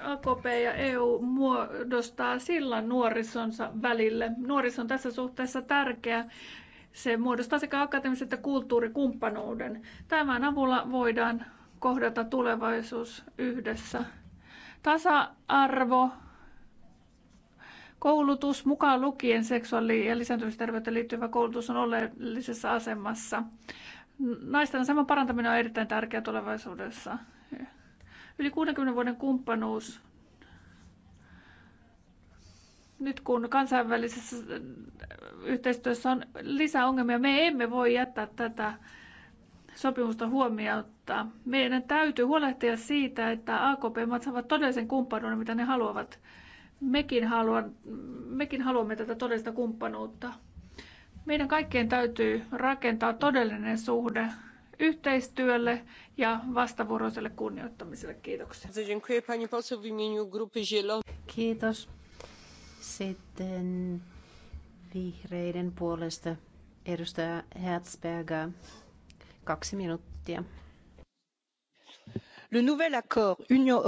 AKP ja EU muodostaa sillan nuorisonsa välille. Nuoriso on tässä suhteessa tärkeä. Se muodostaa sekä akateemisen että kulttuurikumppanuuden. Tämän avulla voidaan kohdata tulevaisuus yhdessä. Tasa-arvo, koulutus mukaan lukien seksuaali- ja lisääntymisterveyteen liittyvä koulutus on oleellisessa asemassa. Naisten aseman parantaminen on erittäin tärkeää tulevaisuudessa. Yli 60 vuoden kumppanuus nyt kun kansainvälisessä yhteistyössä on lisää ongelmia, me emme voi jättää tätä sopimusta huomiota. Meidän täytyy huolehtia siitä, että akp saavat todellisen kumppanuuden, mitä ne haluavat. Mekin, haluan, mekin haluamme tätä todellista kumppanuutta. Meidän kaikkien täytyy rakentaa todellinen suhde yhteistyölle ja vastavuoroiselle kunnioittamiselle. Kiitoksia. Kiitos. Sitten vihreiden puolesta edustaja Herzberger kaksi minuuttia. Le nouvel accord Union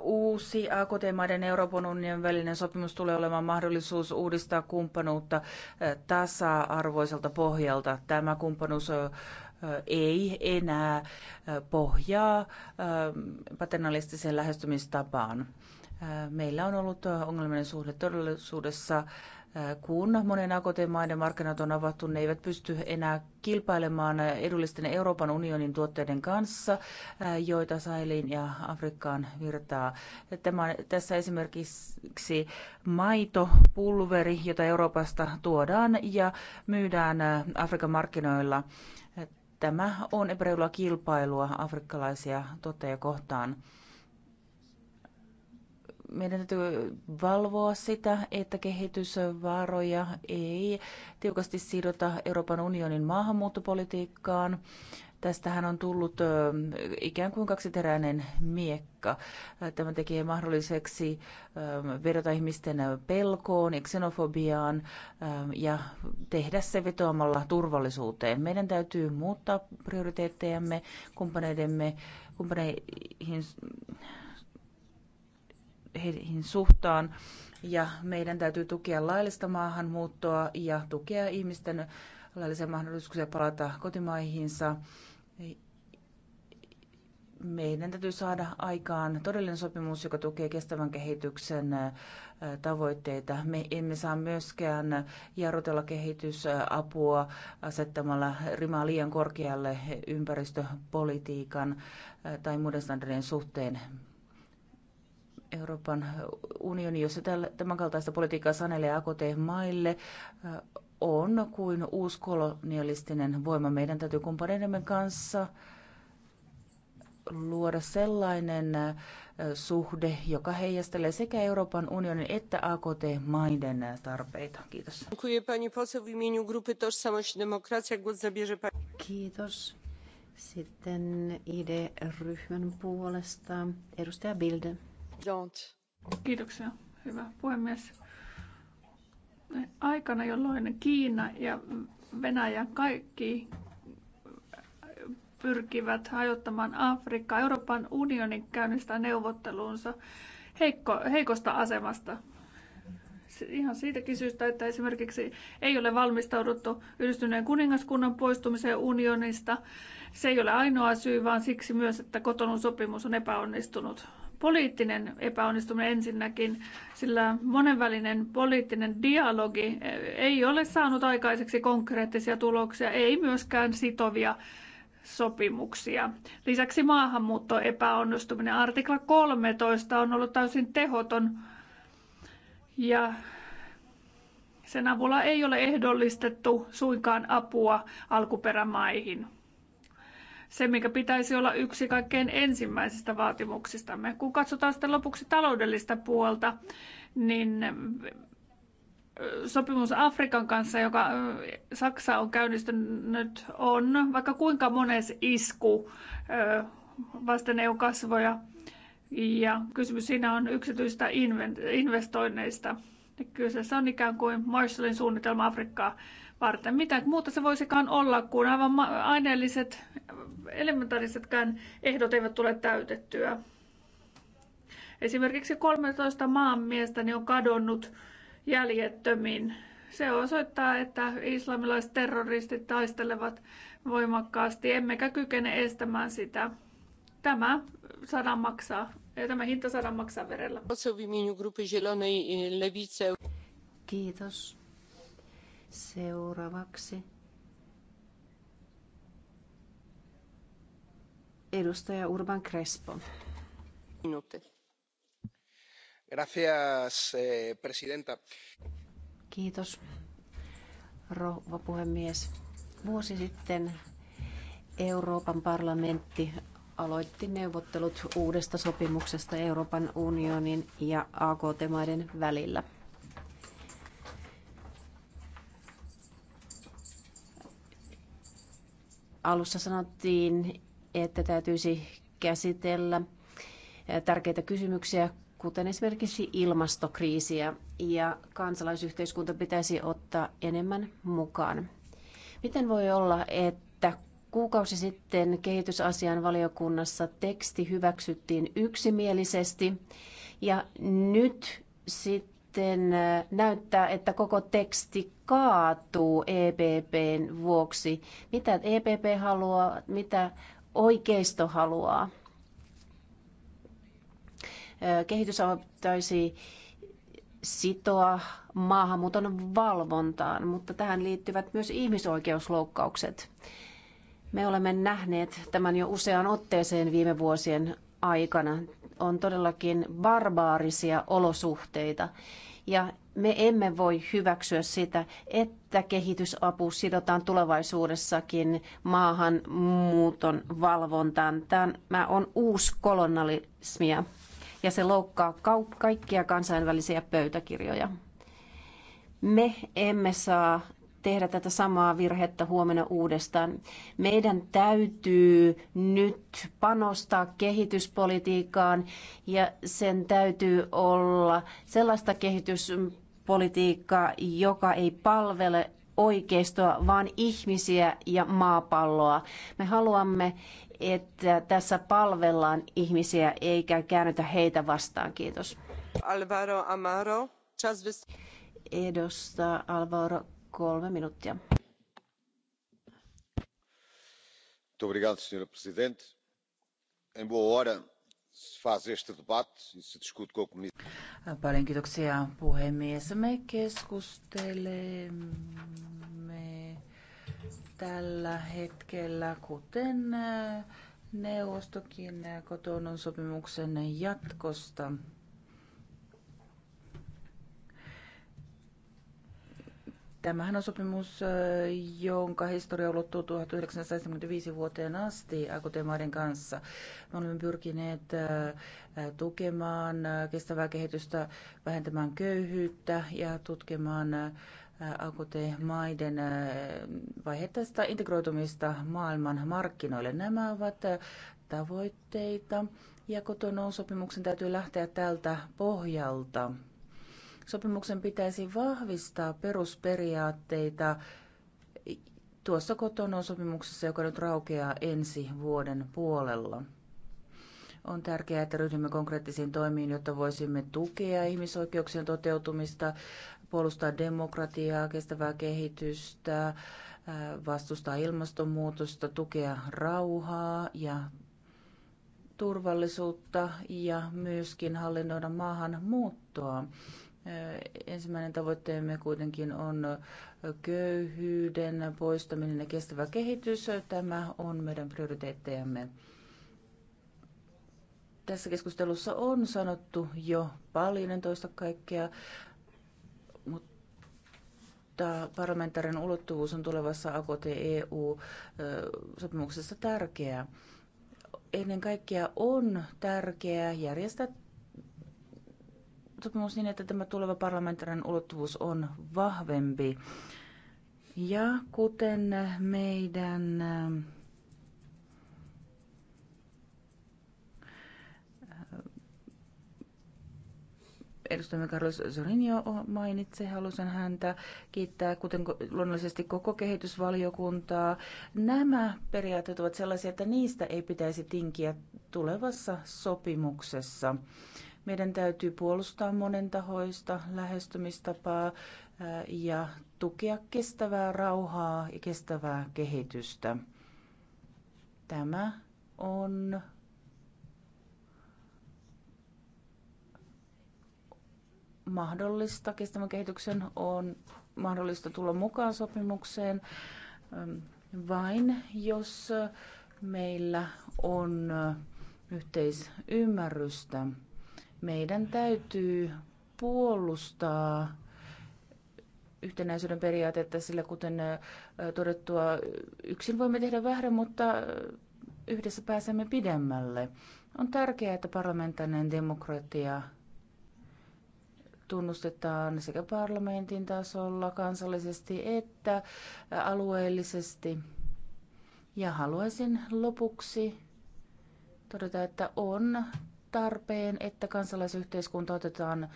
Uusi AKT-maiden Euroopan unionin välinen sopimus tulee olemaan mahdollisuus uudistaa kumppanuutta tasa-arvoiselta pohjalta. Tämä kumppanuus ei enää pohjaa paternalistiseen lähestymistapaan. Meillä on ollut ongelmallinen suhde todellisuudessa kun monen AKT-maiden markkinat on avattu, ne eivät pysty enää kilpailemaan edullisten Euroopan unionin tuotteiden kanssa, joita Sailiin ja Afrikkaan virtaa. Tämä, tässä esimerkiksi maitopulveri, jota Euroopasta tuodaan ja myydään Afrikan markkinoilla. Tämä on epäreilua kilpailua afrikkalaisia tuotteja kohtaan meidän täytyy valvoa sitä, että kehitysvaroja ei tiukasti sidota Euroopan unionin maahanmuuttopolitiikkaan. Tästähän on tullut ikään kuin kaksiteräinen miekka. Tämä tekee mahdolliseksi vedota ihmisten pelkoon ja xenofobiaan ja tehdä se vetoamalla turvallisuuteen. Meidän täytyy muuttaa prioriteettejamme kumppaneidemme kumppaneihin heihin suhtaan. Ja meidän täytyy tukea laillista maahanmuuttoa ja tukea ihmisten laillisia mahdollisuuksia palata kotimaihinsa. Meidän täytyy saada aikaan todellinen sopimus, joka tukee kestävän kehityksen tavoitteita. Me emme saa myöskään jarrutella kehitysapua asettamalla rimaa liian korkealle ympäristöpolitiikan tai muiden standardien suhteen. Euroopan unioni, jossa tämän kaltaista politiikkaa sanelee AKT-maille, on kuin uuskolonialistinen voima. Meidän täytyy kumppaneidemme kanssa luoda sellainen suhde, joka heijastelee sekä Euroopan unionin että AKT-maiden tarpeita. Kiitos. Kiitos. Sitten ID-ryhmän puolesta edustaja Bilde. Kiitoksia, hyvä puhemies. Aikana, jolloin Kiina ja Venäjä kaikki pyrkivät hajottamaan Afrikkaa, Euroopan unionin käynnistää neuvotteluunsa heikko, heikosta asemasta ihan siitäkin syystä, että esimerkiksi ei ole valmistauduttu yhdistyneen kuningaskunnan poistumiseen unionista. Se ei ole ainoa syy, vaan siksi myös, että kotonun sopimus on epäonnistunut poliittinen epäonnistuminen ensinnäkin, sillä monenvälinen poliittinen dialogi ei ole saanut aikaiseksi konkreettisia tuloksia, ei myöskään sitovia sopimuksia. Lisäksi maahanmuutto epäonnistuminen. Artikla 13 on ollut täysin tehoton ja sen avulla ei ole ehdollistettu suinkaan apua alkuperämaihin se, mikä pitäisi olla yksi kaikkein ensimmäisistä vaatimuksistamme. Kun katsotaan sitten lopuksi taloudellista puolta, niin sopimus Afrikan kanssa, joka Saksa on käynnistynyt, on vaikka kuinka mones isku vasten EU-kasvoja. Ja kysymys siinä on yksityistä investoinneista. Kyseessä on ikään kuin Marshallin suunnitelma Afrikkaa varten. Mitä muuta se voisikaan olla, kun aivan aineelliset, elementaarisetkään ehdot eivät tule täytettyä. Esimerkiksi 13 maanmiestäni on kadonnut jäljettömin. Se osoittaa, että islamilaiset terroristit taistelevat voimakkaasti, emmekä kykene estämään sitä. Tämä saadaan maksaa, ja tämä hinta saadaan maksaa verellä. Kiitos. Seuraavaksi edustaja Urban Crespo. Minuutti. Gracias, eh, presidenta. Kiitos, rouva puhemies. Vuosi sitten Euroopan parlamentti aloitti neuvottelut uudesta sopimuksesta Euroopan unionin ja AKT-maiden välillä. Alussa sanottiin, että täytyisi käsitellä tärkeitä kysymyksiä, kuten esimerkiksi ilmastokriisiä, ja kansalaisyhteiskunta pitäisi ottaa enemmän mukaan. Miten voi olla, että kuukausi sitten kehitysasian valiokunnassa teksti hyväksyttiin yksimielisesti, ja nyt sitten sitten äh, näyttää, että koko teksti kaatuu EPPn vuoksi. Mitä EPP haluaa, mitä oikeisto haluaa. Äh, Kehitys pitäisi sitoa maahanmuuton valvontaan, mutta tähän liittyvät myös ihmisoikeusloukkaukset. Me olemme nähneet tämän jo useaan otteeseen viime vuosien aikana on todellakin barbaarisia olosuhteita. Ja me emme voi hyväksyä sitä, että kehitysapu sidotaan tulevaisuudessakin maahanmuuton valvontaan. Tämä on uusi kolonialismia ja se loukkaa kaikkia kansainvälisiä pöytäkirjoja. Me emme saa tehdä tätä samaa virhettä huomenna uudestaan. Meidän täytyy nyt panostaa kehityspolitiikkaan ja sen täytyy olla sellaista kehityspolitiikkaa, joka ei palvele oikeistoa, vaan ihmisiä ja maapalloa. Me haluamme, että tässä palvellaan ihmisiä eikä käännetä heitä vastaan. Kiitos. Alvaro Amaro. Edusta Alvaro kolme minuuttia. senhora Presidente, em boa hora se faz este debate e se discute com a Comissão. Paljon kiitoksia puhemies. Me keskustelemme tällä hetkellä, kuten äh, neuvostokin äh, kotonon sopimuksen jatkosta. Tämähän on sopimus, jonka historia ulottuu 1975 vuoteen asti AKT-maiden kanssa. Me olemme pyrkineet tukemaan kestävää kehitystä, vähentämään köyhyyttä ja tutkimaan AKT-maiden vaiheittaista integroitumista maailman markkinoille. Nämä ovat tavoitteita ja sopimuksen täytyy lähteä tältä pohjalta. Sopimuksen pitäisi vahvistaa perusperiaatteita tuossa kotonon sopimuksessa, joka nyt raukeaa ensi vuoden puolella. On tärkeää, että ryhdymme konkreettisiin toimiin, jotta voisimme tukea ihmisoikeuksien toteutumista, puolustaa demokratiaa, kestävää kehitystä, vastustaa ilmastonmuutosta, tukea rauhaa ja turvallisuutta ja myöskin hallinnoida maahanmuuttoa. Ensimmäinen tavoitteemme kuitenkin on köyhyyden poistaminen ja kestävä kehitys. Tämä on meidän prioriteettejamme. Tässä keskustelussa on sanottu jo paljon, toista kaikkea, mutta parlamentaarinen ulottuvuus on tulevassa AKT-EU-sopimuksessa tärkeää ennen kaikkea on tärkeää järjestää sopimus niin, että tämä tuleva parlamentaarinen ulottuvuus on vahvempi. Ja kuten meidän äh, edustamme Carlos Zorinio mainitsi, halusin häntä kiittää, kuten luonnollisesti koko kehitysvaliokuntaa. Nämä periaatteet ovat sellaisia, että niistä ei pitäisi tinkiä tulevassa sopimuksessa. Meidän täytyy puolustaa monentahoista lähestymistapaa ja tukea kestävää rauhaa ja kestävää kehitystä. Tämä on mahdollista. Kestävän kehityksen on mahdollista tulla mukaan sopimukseen vain, jos meillä on yhteisymmärrystä. Meidän täytyy puolustaa yhtenäisyyden periaatetta, sillä kuten todettua, yksin voimme tehdä vähän, mutta yhdessä pääsemme pidemmälle. On tärkeää, että parlamentaarinen demokratia tunnustetaan sekä parlamentin tasolla kansallisesti että alueellisesti. Ja haluaisin lopuksi todeta, että on tarpeen, että kansalaisyhteiskunta otetaan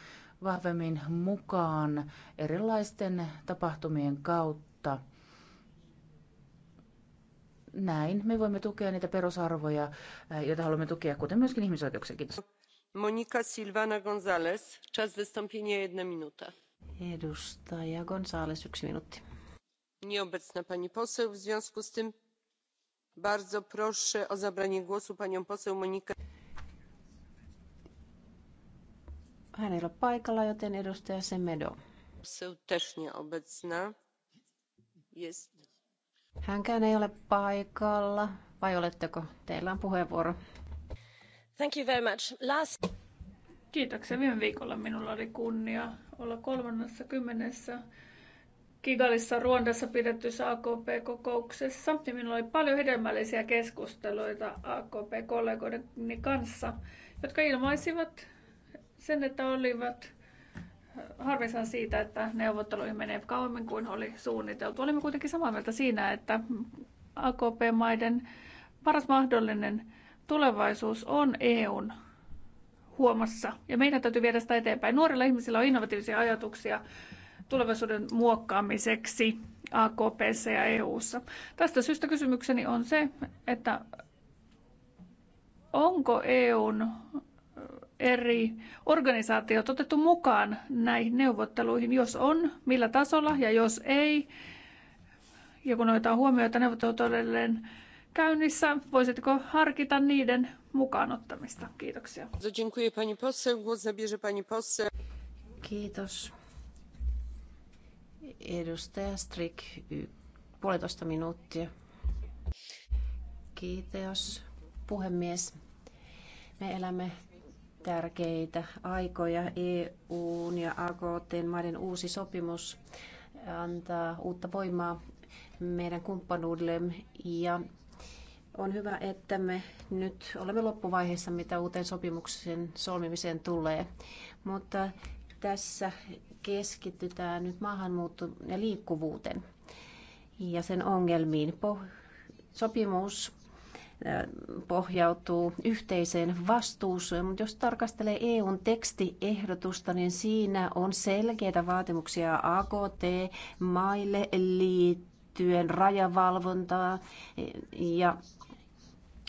vahvemmin mukaan erilaisten tapahtumien kautta. Näin me voimme tukea niitä perusarvoja, joita haluamme tukea, kuten myöskin ihmisoikeuksia. Kiitos. Monika Silvana González, czas wystąpienia jedna minuta. Edustaja González, yksi minuutti. Nieobecna pani poseł, w związku z tym bardzo proszę o zabranie głosu panią poseł Monikę. Hän ei ole paikalla, joten edustaja Semedo. Hänkään ei ole paikalla, vai oletteko? Teillä on puheenvuoro. Thank you very much. Last... Kiitoksia. Viime viikolla minulla oli kunnia olla kolmannessa kymmenessä Kigalissa Ruondassa pidettyssä AKP-kokouksessa. Ja minulla oli paljon hedelmällisiä keskusteluita AKP-kollegoiden kanssa, jotka ilmaisivat sen, että olivat harvissaan siitä, että neuvotteluihin menee kauemmin kuin oli suunniteltu. Olimme kuitenkin samaa mieltä siinä, että AKP-maiden paras mahdollinen tulevaisuus on EUn huomassa. Ja meidän täytyy viedä sitä eteenpäin. Nuorilla ihmisillä on innovatiivisia ajatuksia tulevaisuuden muokkaamiseksi AKPssä ja EUssa. Tästä syystä kysymykseni on se, että onko EUn eri organisaatiot otettu mukaan näihin neuvotteluihin, jos on, millä tasolla ja jos ei. Ja kun otetaan huomioon, että neuvottelut on edelleen käynnissä, voisitko harkita niiden mukaanottamista? Kiitoksia. Kiitos. Edustaja Strik, puolitoista minuuttia. Kiitos, puhemies. Me elämme tärkeitä aikoja. EUn ja AKTn maiden uusi sopimus antaa uutta voimaa meidän kumppanuudellemme ja on hyvä, että me nyt olemme loppuvaiheessa, mitä uuteen sopimuksen solmimiseen tulee. Mutta tässä keskitytään nyt maahanmuuttoon ja liikkuvuuteen ja sen ongelmiin. Sopimus pohjautuu yhteiseen vastuuseen, mutta jos tarkastelee EUn tekstiehdotusta, niin siinä on selkeitä vaatimuksia AKT-maille liittyen rajavalvontaa e, ja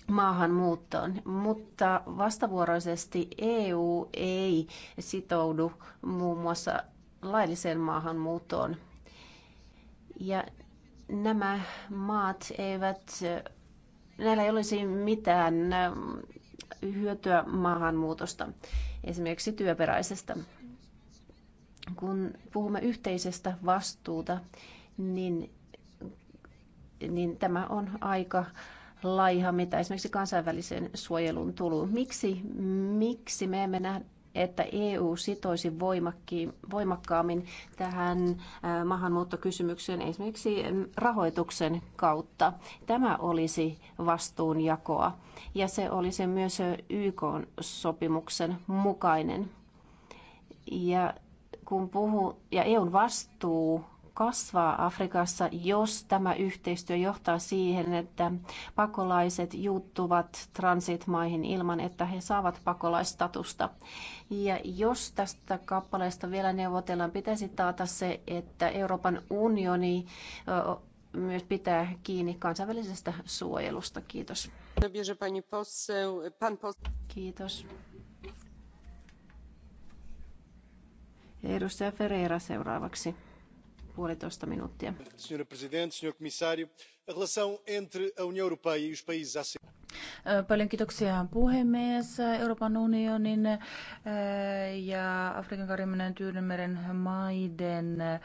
maahanmuuttoon, mutta vastavuoroisesti EU ei sitoudu muun muassa lailliseen maahanmuuttoon. Ja nämä maat eivät näillä ei olisi mitään ähm, hyötyä maahanmuutosta, esimerkiksi työperäisestä. Kun puhumme yhteisestä vastuuta, niin, niin tämä on aika laiha, mitä esimerkiksi kansainväliseen suojeluun tuluu. Miksi, miksi me emme nähdä että EU sitoisi voimakkaammin tähän maahanmuuttokysymykseen esimerkiksi rahoituksen kautta. Tämä olisi vastuunjakoa ja se olisi myös YK-sopimuksen mukainen. Ja kun puhuu, ja EUn vastuu kasvaa Afrikassa, jos tämä yhteistyö johtaa siihen, että pakolaiset juuttuvat transitmaihin ilman, että he saavat pakolaistatusta. Ja jos tästä kappaleesta vielä neuvotellaan, pitäisi taata se, että Euroopan unioni myös pitää kiinni kansainvälisestä suojelusta. Kiitos. Kiitos. Edustaja Ferreira seuraavaksi puolitoista minuuttia. E eh, paljon kiitoksia puhemies. Euroopan unionin eh, ja Afrikan kariminen Tyynemeren maiden eh,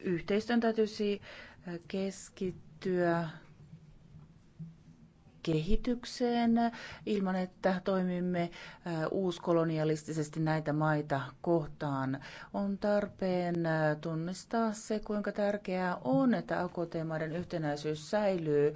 yhteistyön täytyisi keskittyä kehitykseen ilman, että toimimme äh, uuskolonialistisesti näitä maita kohtaan. On tarpeen äh, tunnistaa se, kuinka tärkeää on, että AKT-maiden yhtenäisyys säilyy.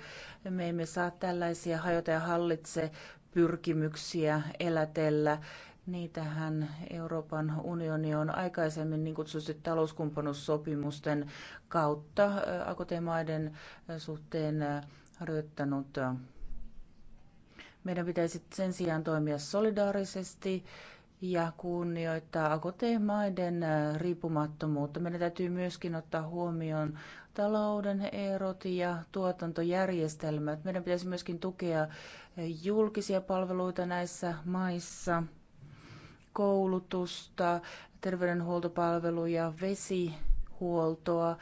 Me emme saa tällaisia hajota ja hallitse pyrkimyksiä elätellä. Niitähän Euroopan unioni on aikaisemmin niin kutsutusti talouskumppanuussopimusten kautta äh, AKT-maiden suhteen harjoittanut meidän pitäisi sen sijaan toimia solidaarisesti ja kunnioittaa AKT-maiden äh, riippumattomuutta. Meidän täytyy myöskin ottaa huomioon talouden erot ja tuotantojärjestelmät. Meidän pitäisi myöskin tukea äh, julkisia palveluita näissä maissa, koulutusta, terveydenhuoltopalveluja, vesihuoltoa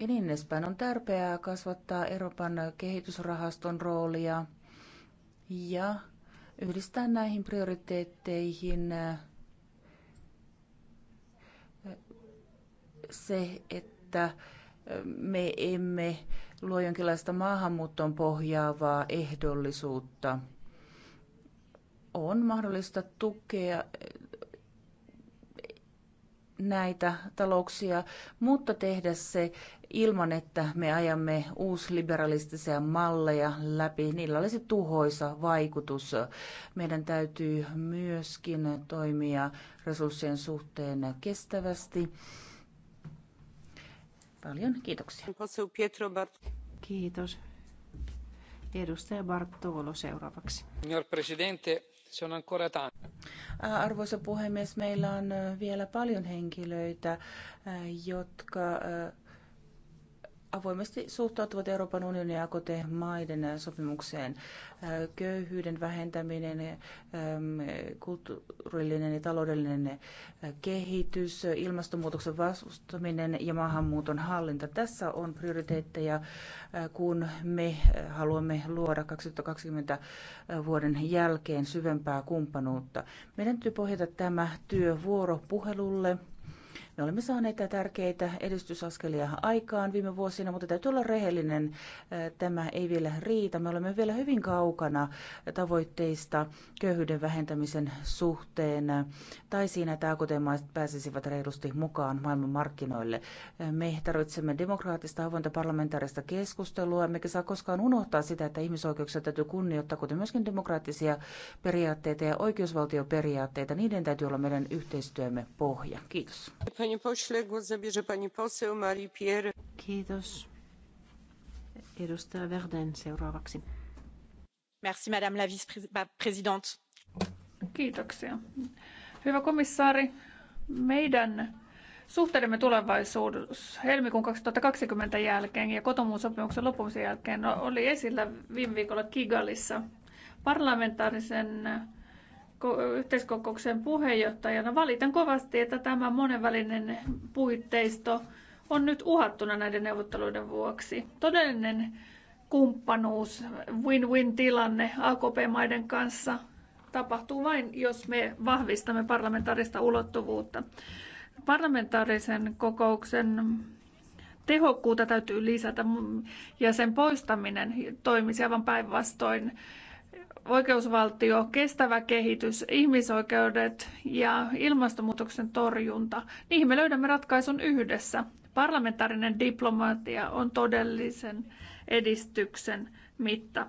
ja niin edespäin. On tärkeää kasvattaa Euroopan kehitysrahaston roolia – ja yhdistää näihin prioriteetteihin se, että me emme luo jonkinlaista maahanmuuttoon pohjaavaa ehdollisuutta. On mahdollista tukea näitä talouksia, mutta tehdä se ilman, että me ajamme uusliberalistisia malleja läpi. Niillä olisi tuhoisa vaikutus. Meidän täytyy myöskin toimia resurssien suhteen kestävästi. Paljon kiitoksia. Kiitos. Edustaja Bartolo seuraavaksi. Signor Presidente, se on ancora tanto. Arvoisa puhemies, meillä on vielä paljon henkilöitä, jotka avoimesti suhtautuvat Euroopan unionin ja AKT-maiden sopimukseen. Köyhyyden vähentäminen, ähm, kulttuurillinen ja taloudellinen kehitys, ilmastonmuutoksen vastustaminen ja maahanmuuton hallinta. Tässä on prioriteetteja, äh, kun me haluamme luoda 2020 vuoden jälkeen syvempää kumppanuutta. Meidän täytyy pohjata tämä työ vuoropuhelulle me olemme saaneet tärkeitä edistysaskelia aikaan viime vuosina, mutta täytyy olla rehellinen. Tämä ei vielä riitä. Me olemme vielä hyvin kaukana tavoitteista köyhyyden vähentämisen suhteen tai siinä, että AKT-maat pääsisivät reilusti mukaan maailmanmarkkinoille. Me tarvitsemme demokraattista avointa parlamentaarista keskustelua, emmekä saa koskaan unohtaa sitä, että ihmisoikeuksia täytyy kunnioittaa, kuten myöskin demokraattisia periaatteita ja oikeusvaltioperiaatteita. Niiden täytyy olla meidän yhteistyömme pohja. Kiitos panie pośle. Głos zabierze pani poseł Marie Pierre. Kiitos. Verden seuraavaksi. madame la présidente Hyvä komissaari, meidän suhteidemme tulevaisuus helmikuun 2020 jälkeen ja kotomuun sopimuksen loppumisen jälkeen oli esillä viime viikolla Kigalissa parlamentaarisen yhteiskokouksen puheenjohtajana valitan kovasti, että tämä monenvälinen puitteisto on nyt uhattuna näiden neuvotteluiden vuoksi. Todellinen kumppanuus, win-win-tilanne AKP-maiden kanssa tapahtuu vain, jos me vahvistamme parlamentaarista ulottuvuutta. Parlamentaarisen kokouksen tehokkuutta täytyy lisätä ja sen poistaminen toimisi aivan päinvastoin oikeusvaltio, kestävä kehitys, ihmisoikeudet ja ilmastonmuutoksen torjunta. Niihin me löydämme ratkaisun yhdessä. Parlamentaarinen diplomatia on todellisen edistyksen mitta.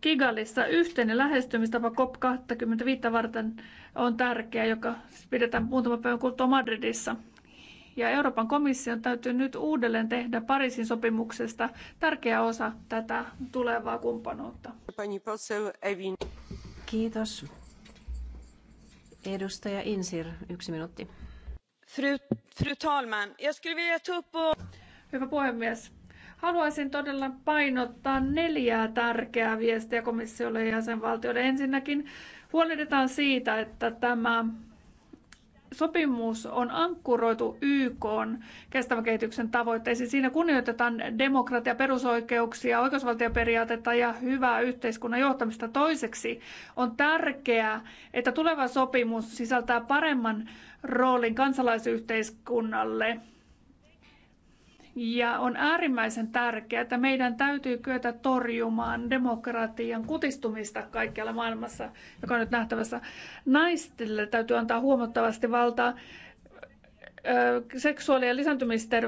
Kigalissa yhteinen lähestymistapa COP25 varten on tärkeä, joka pidetään muutama päivän kuluttua Madridissa. Ja Euroopan komission täytyy nyt uudelleen tehdä Pariisin sopimuksesta tärkeä osa tätä tulevaa kumppanuutta. Kiitos. Edustaja Insir, yksi minuutti. Fru, fru talman, jag skulle vilja ta upp och... Hyvä puhemies. Haluaisin todella painottaa neljää tärkeää viestiä komissiolle ja jäsenvaltioille. Ensinnäkin huolehditaan siitä, että tämä sopimus on ankkuroitu YK kestävän kehityksen tavoitteisiin. Siinä kunnioitetaan demokratia, perusoikeuksia, oikeusvaltioperiaatetta ja hyvää yhteiskunnan johtamista. Toiseksi on tärkeää, että tuleva sopimus sisältää paremman roolin kansalaisyhteiskunnalle ja on äärimmäisen tärkeää, että meidän täytyy kyetä torjumaan demokratian kutistumista kaikkialla maailmassa, joka on nyt nähtävässä. Naistille täytyy antaa huomattavasti valtaa seksuaali- ja lisääntymisterveyden